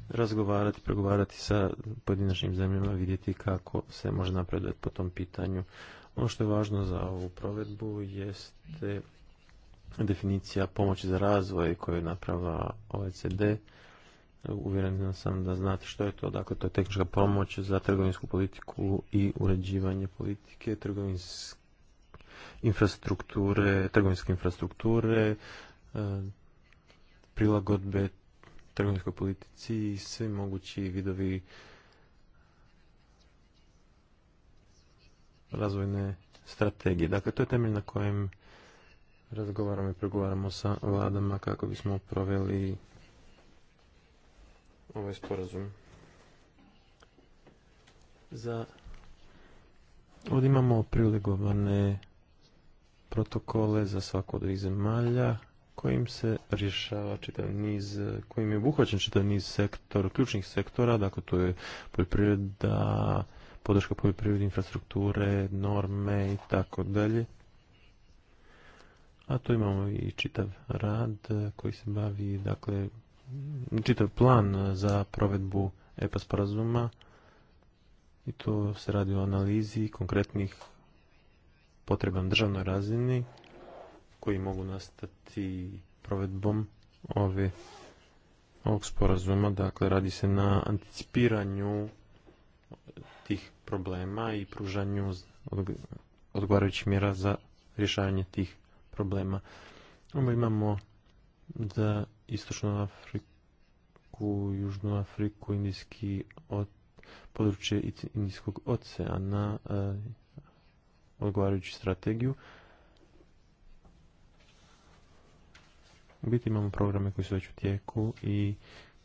razgovarati, pregovarati sa pojedinačnim zemljama, vidjeti kako se može napredovati po tom pitanju. Ono što je važno za ovu provedbu jeste definicija pomoći za razvoj koju je OECD. Uvjeren sam da znate što je to. Dakle, to je tehnička pomoć za trgovinsku politiku i uređivanje politike. Trgovinske infrastrukture, trgovinske infrastrukture, e, prilagodbe trgovinskoj politici i svi mogući vidovi razvojne strategije. Dakle, to je temelj na kojem razgovaramo i pregovaramo sa vladama kako bismo proveli ovaj sporazum. Za... Ovdje imamo privilegovane protokole za svaku od ovih zemalja kojim se rješava čitav niz, kojim je obuhvaćen čitav niz sektora, ključnih sektora, dakle to je poljoprivreda, podrška poljoprivredi, infrastrukture, norme i tako dalje. A tu imamo i čitav rad koji se bavi, dakle, čitav plan za provedbu EPA sporazuma i to se radi o analizi konkretnih potreban državnoj razini koji mogu nastati provedbom ove, ovog sporazuma. Dakle, radi se na anticipiranju tih problema i pružanju odgovarajućih mjera za rješavanje tih problema. Ovo imamo za Istočnu Afriku, Južnu Afriku, Indijski od, područje Indijskog oceana, e, odgovarajući strategiju. U biti imamo programe koji su već u tijeku i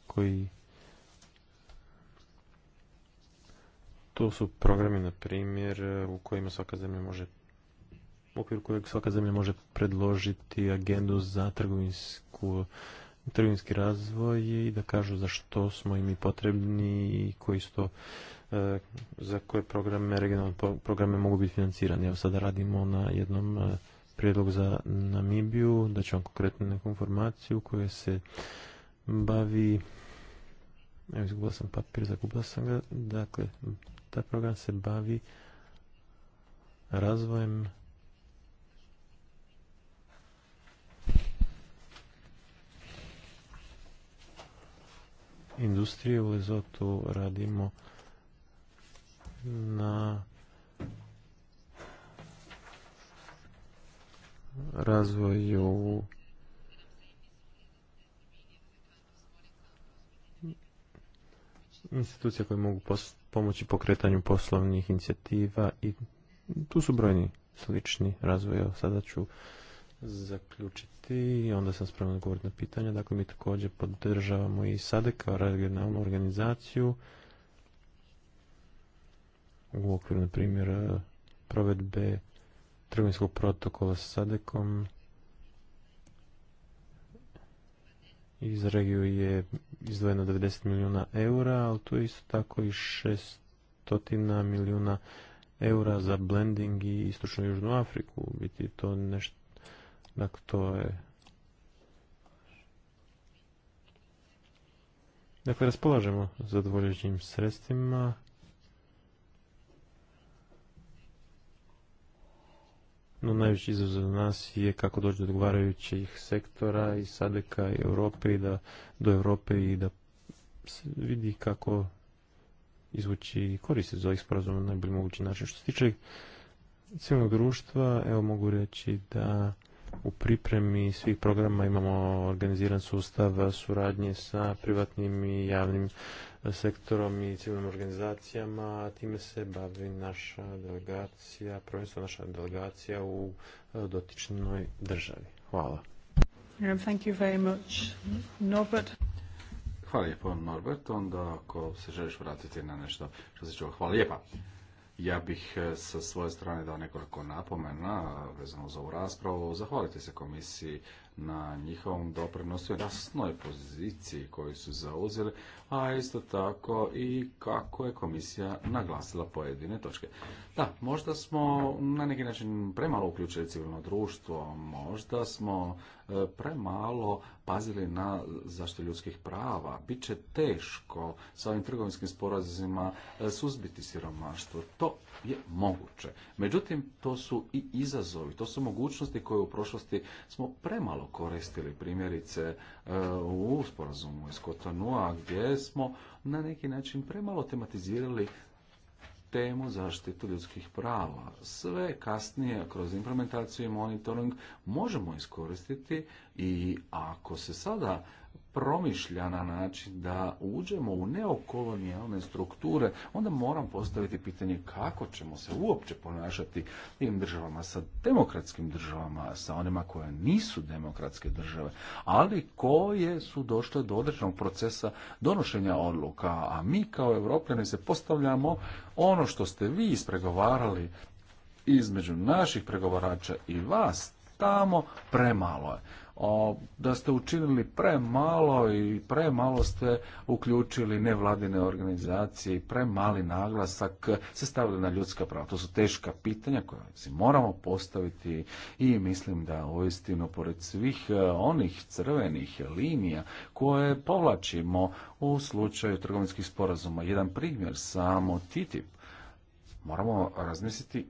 koji to su programi na primjer u kojima svaka zemlja može u okviru kojeg svaka zemlja može predložiti agendu za trgovinsku trgovinski razvoj i da kažu za što smo im i potrebni i koji su to E, za koje programe, regionalne programe mogu biti financirani. Evo sada radimo na jednom e, prijedlogu za Namibiju, da ću vam konkretnu neku informaciju koja se bavi evo izgubila sam papir, zagubila sam ga dakle, taj program se bavi razvojem industrije u Lezotu radimo na razvoju institucija koje mogu pomoći pokretanju poslovnih inicijativa i tu su brojni slični razvoj. sada ću zaključiti i onda sam spreman odgovoriti na pitanja. Dakle, mi također podržavamo i SADE kao regionalnu organizaciju u okviru, na primjer, provedbe trgovinskog protokola sa Sadekom iz regiju je izdvojeno 90 milijuna eura, ali tu je isto tako i 600 milijuna eura za blending i istočnu južnu Afriku. U biti to nešto, dakle to je Dakle, raspolažemo zadovoljećim sredstvima No najveći izazov za nas je kako doći do odgovarajućih sektora i sadeka i Europe i da, do Europe i da se vidi kako izvući koriste za ovih sporazuma na najbolji mogući način. Što se tiče civilnog društva, evo mogu reći da u pripremi svih programa imamo organiziran sustav suradnje sa privatnim i javnim sektorom i civilnim organizacijama, a time se bavi naša delegacija, prvenstvo naša delegacija u e, dotičnoj državi. Hvala. Thank you very much. Norbert. Hvala lijepo, Norbert. Onda ako se želiš vratiti na nešto što se čuo, hvala lijepa. Ja bih e, sa svoje strane dao nekoliko napomena vezano za ovu raspravu. Zahvaliti se komisiji na njihovom doprinosu jasnoj poziciji koju su zauzeli, a isto tako i kako je komisija naglasila pojedine točke. Da, možda smo na neki način premalo uključili civilno društvo, možda smo e, premalo pazili na zaštitu ljudskih prava. Biće teško sa ovim trgovinskim sporazima e, suzbiti siromaštvo. To je moguće. Međutim, to su i izazovi, to su mogućnosti koje u prošlosti smo premalo koristili, primjerice e, u sporazumu iz Kotonua, gdje smo na neki način premalo tematizirali temu zaštitu ljudskih prava. Sve kasnije kroz implementaciju i monitoring možemo iskoristiti i ako se sada promišlja na način da uđemo u neokolonijalne strukture, onda moram postaviti pitanje kako ćemo se uopće ponašati tim državama sa demokratskim državama, sa onima koje nisu demokratske države, ali koje su došle do određenog procesa donošenja odluka, a mi kao Evropljani se postavljamo ono što ste vi ispregovarali između naših pregovarača i vas tamo premalo je da ste učinili premalo i premalo ste uključili nevladine organizacije i premali naglasak se stavili na ljudska prava. To su teška pitanja koja si moramo postaviti i mislim da uistinu pored svih e, onih crvenih linija koje povlačimo u slučaju trgovinskih sporazuma. Jedan primjer samo TTIP. Moramo razmisliti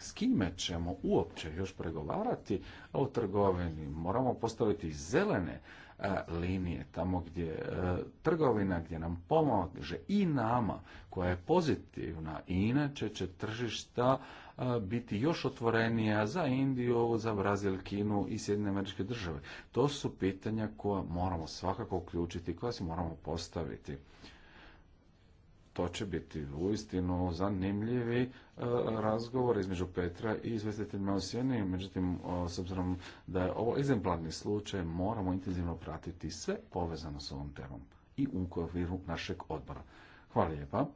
s kime ćemo uopće još pregovarati o trgovini. Moramo postaviti zelene e, linije tamo gdje e, trgovina gdje nam pomaže i nama koja je pozitivna i inače će tržišta e, biti još otvorenija za Indiju, za Brazil, Kinu i Sjedine američke države. To su pitanja koja moramo svakako uključiti, koja se moramo postaviti to će biti uistinu zanimljivi e, razgovor između Petra i izvestiteljima u Sjeni. Međutim, s obzirom da je ovo izemplarni slučaj, moramo intenzivno pratiti sve povezano s ovom temom i u okviru našeg odbora. Hvala lijepa.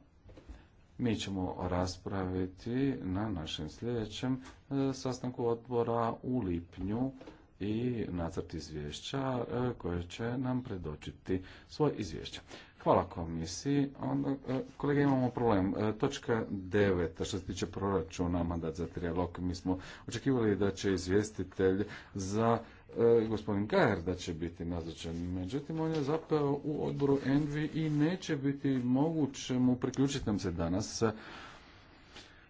Mi ćemo raspraviti na našem sljedećem e, sastanku odbora u lipnju i nacrt izvješća e, koje će nam predočiti svoje izvješće. Hvala komisiji. Onda, e, kolega, imamo problem. E, točka 9, što se tiče proračuna, mandat za trijalog, mi smo očekivali da će izvjestitelj za e, gospodin Gajer da će biti nazočan. Međutim, on je zapeo u odboru Envi i neće biti moguće mu priključiti nam se danas.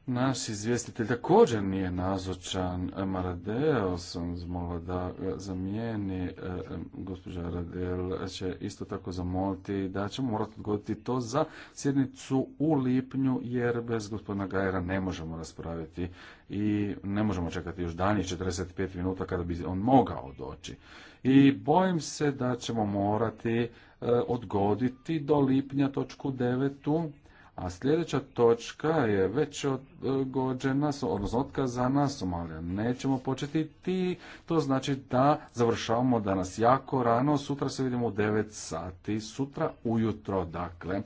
Naš izvjestitelj također nije nazočan. Maradeo sam zmola da ga zamijeni. E, e, gospođa Radel će isto tako zamoliti da ćemo morati odgoditi to za sjednicu u lipnju, jer bez gospodina Gajera ne možemo raspraviti i ne možemo čekati još četrdeset 45 minuta kada bi on mogao doći. I bojim se da ćemo morati e, odgoditi do lipnja točku 9 a sljedeća točka je već odgođena, odnosno otkazana, Somalija nećemo početi ti, to znači da završavamo danas jako rano, sutra se vidimo u 9 sati, sutra ujutro dakle.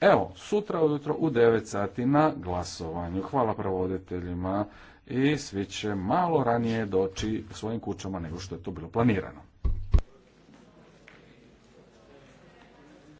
Evo, sutra ujutro u 9 sati na glasovanju. Hvala pravoditeljima i svi će malo ranije doći svojim kućama nego što je to bilo planirano.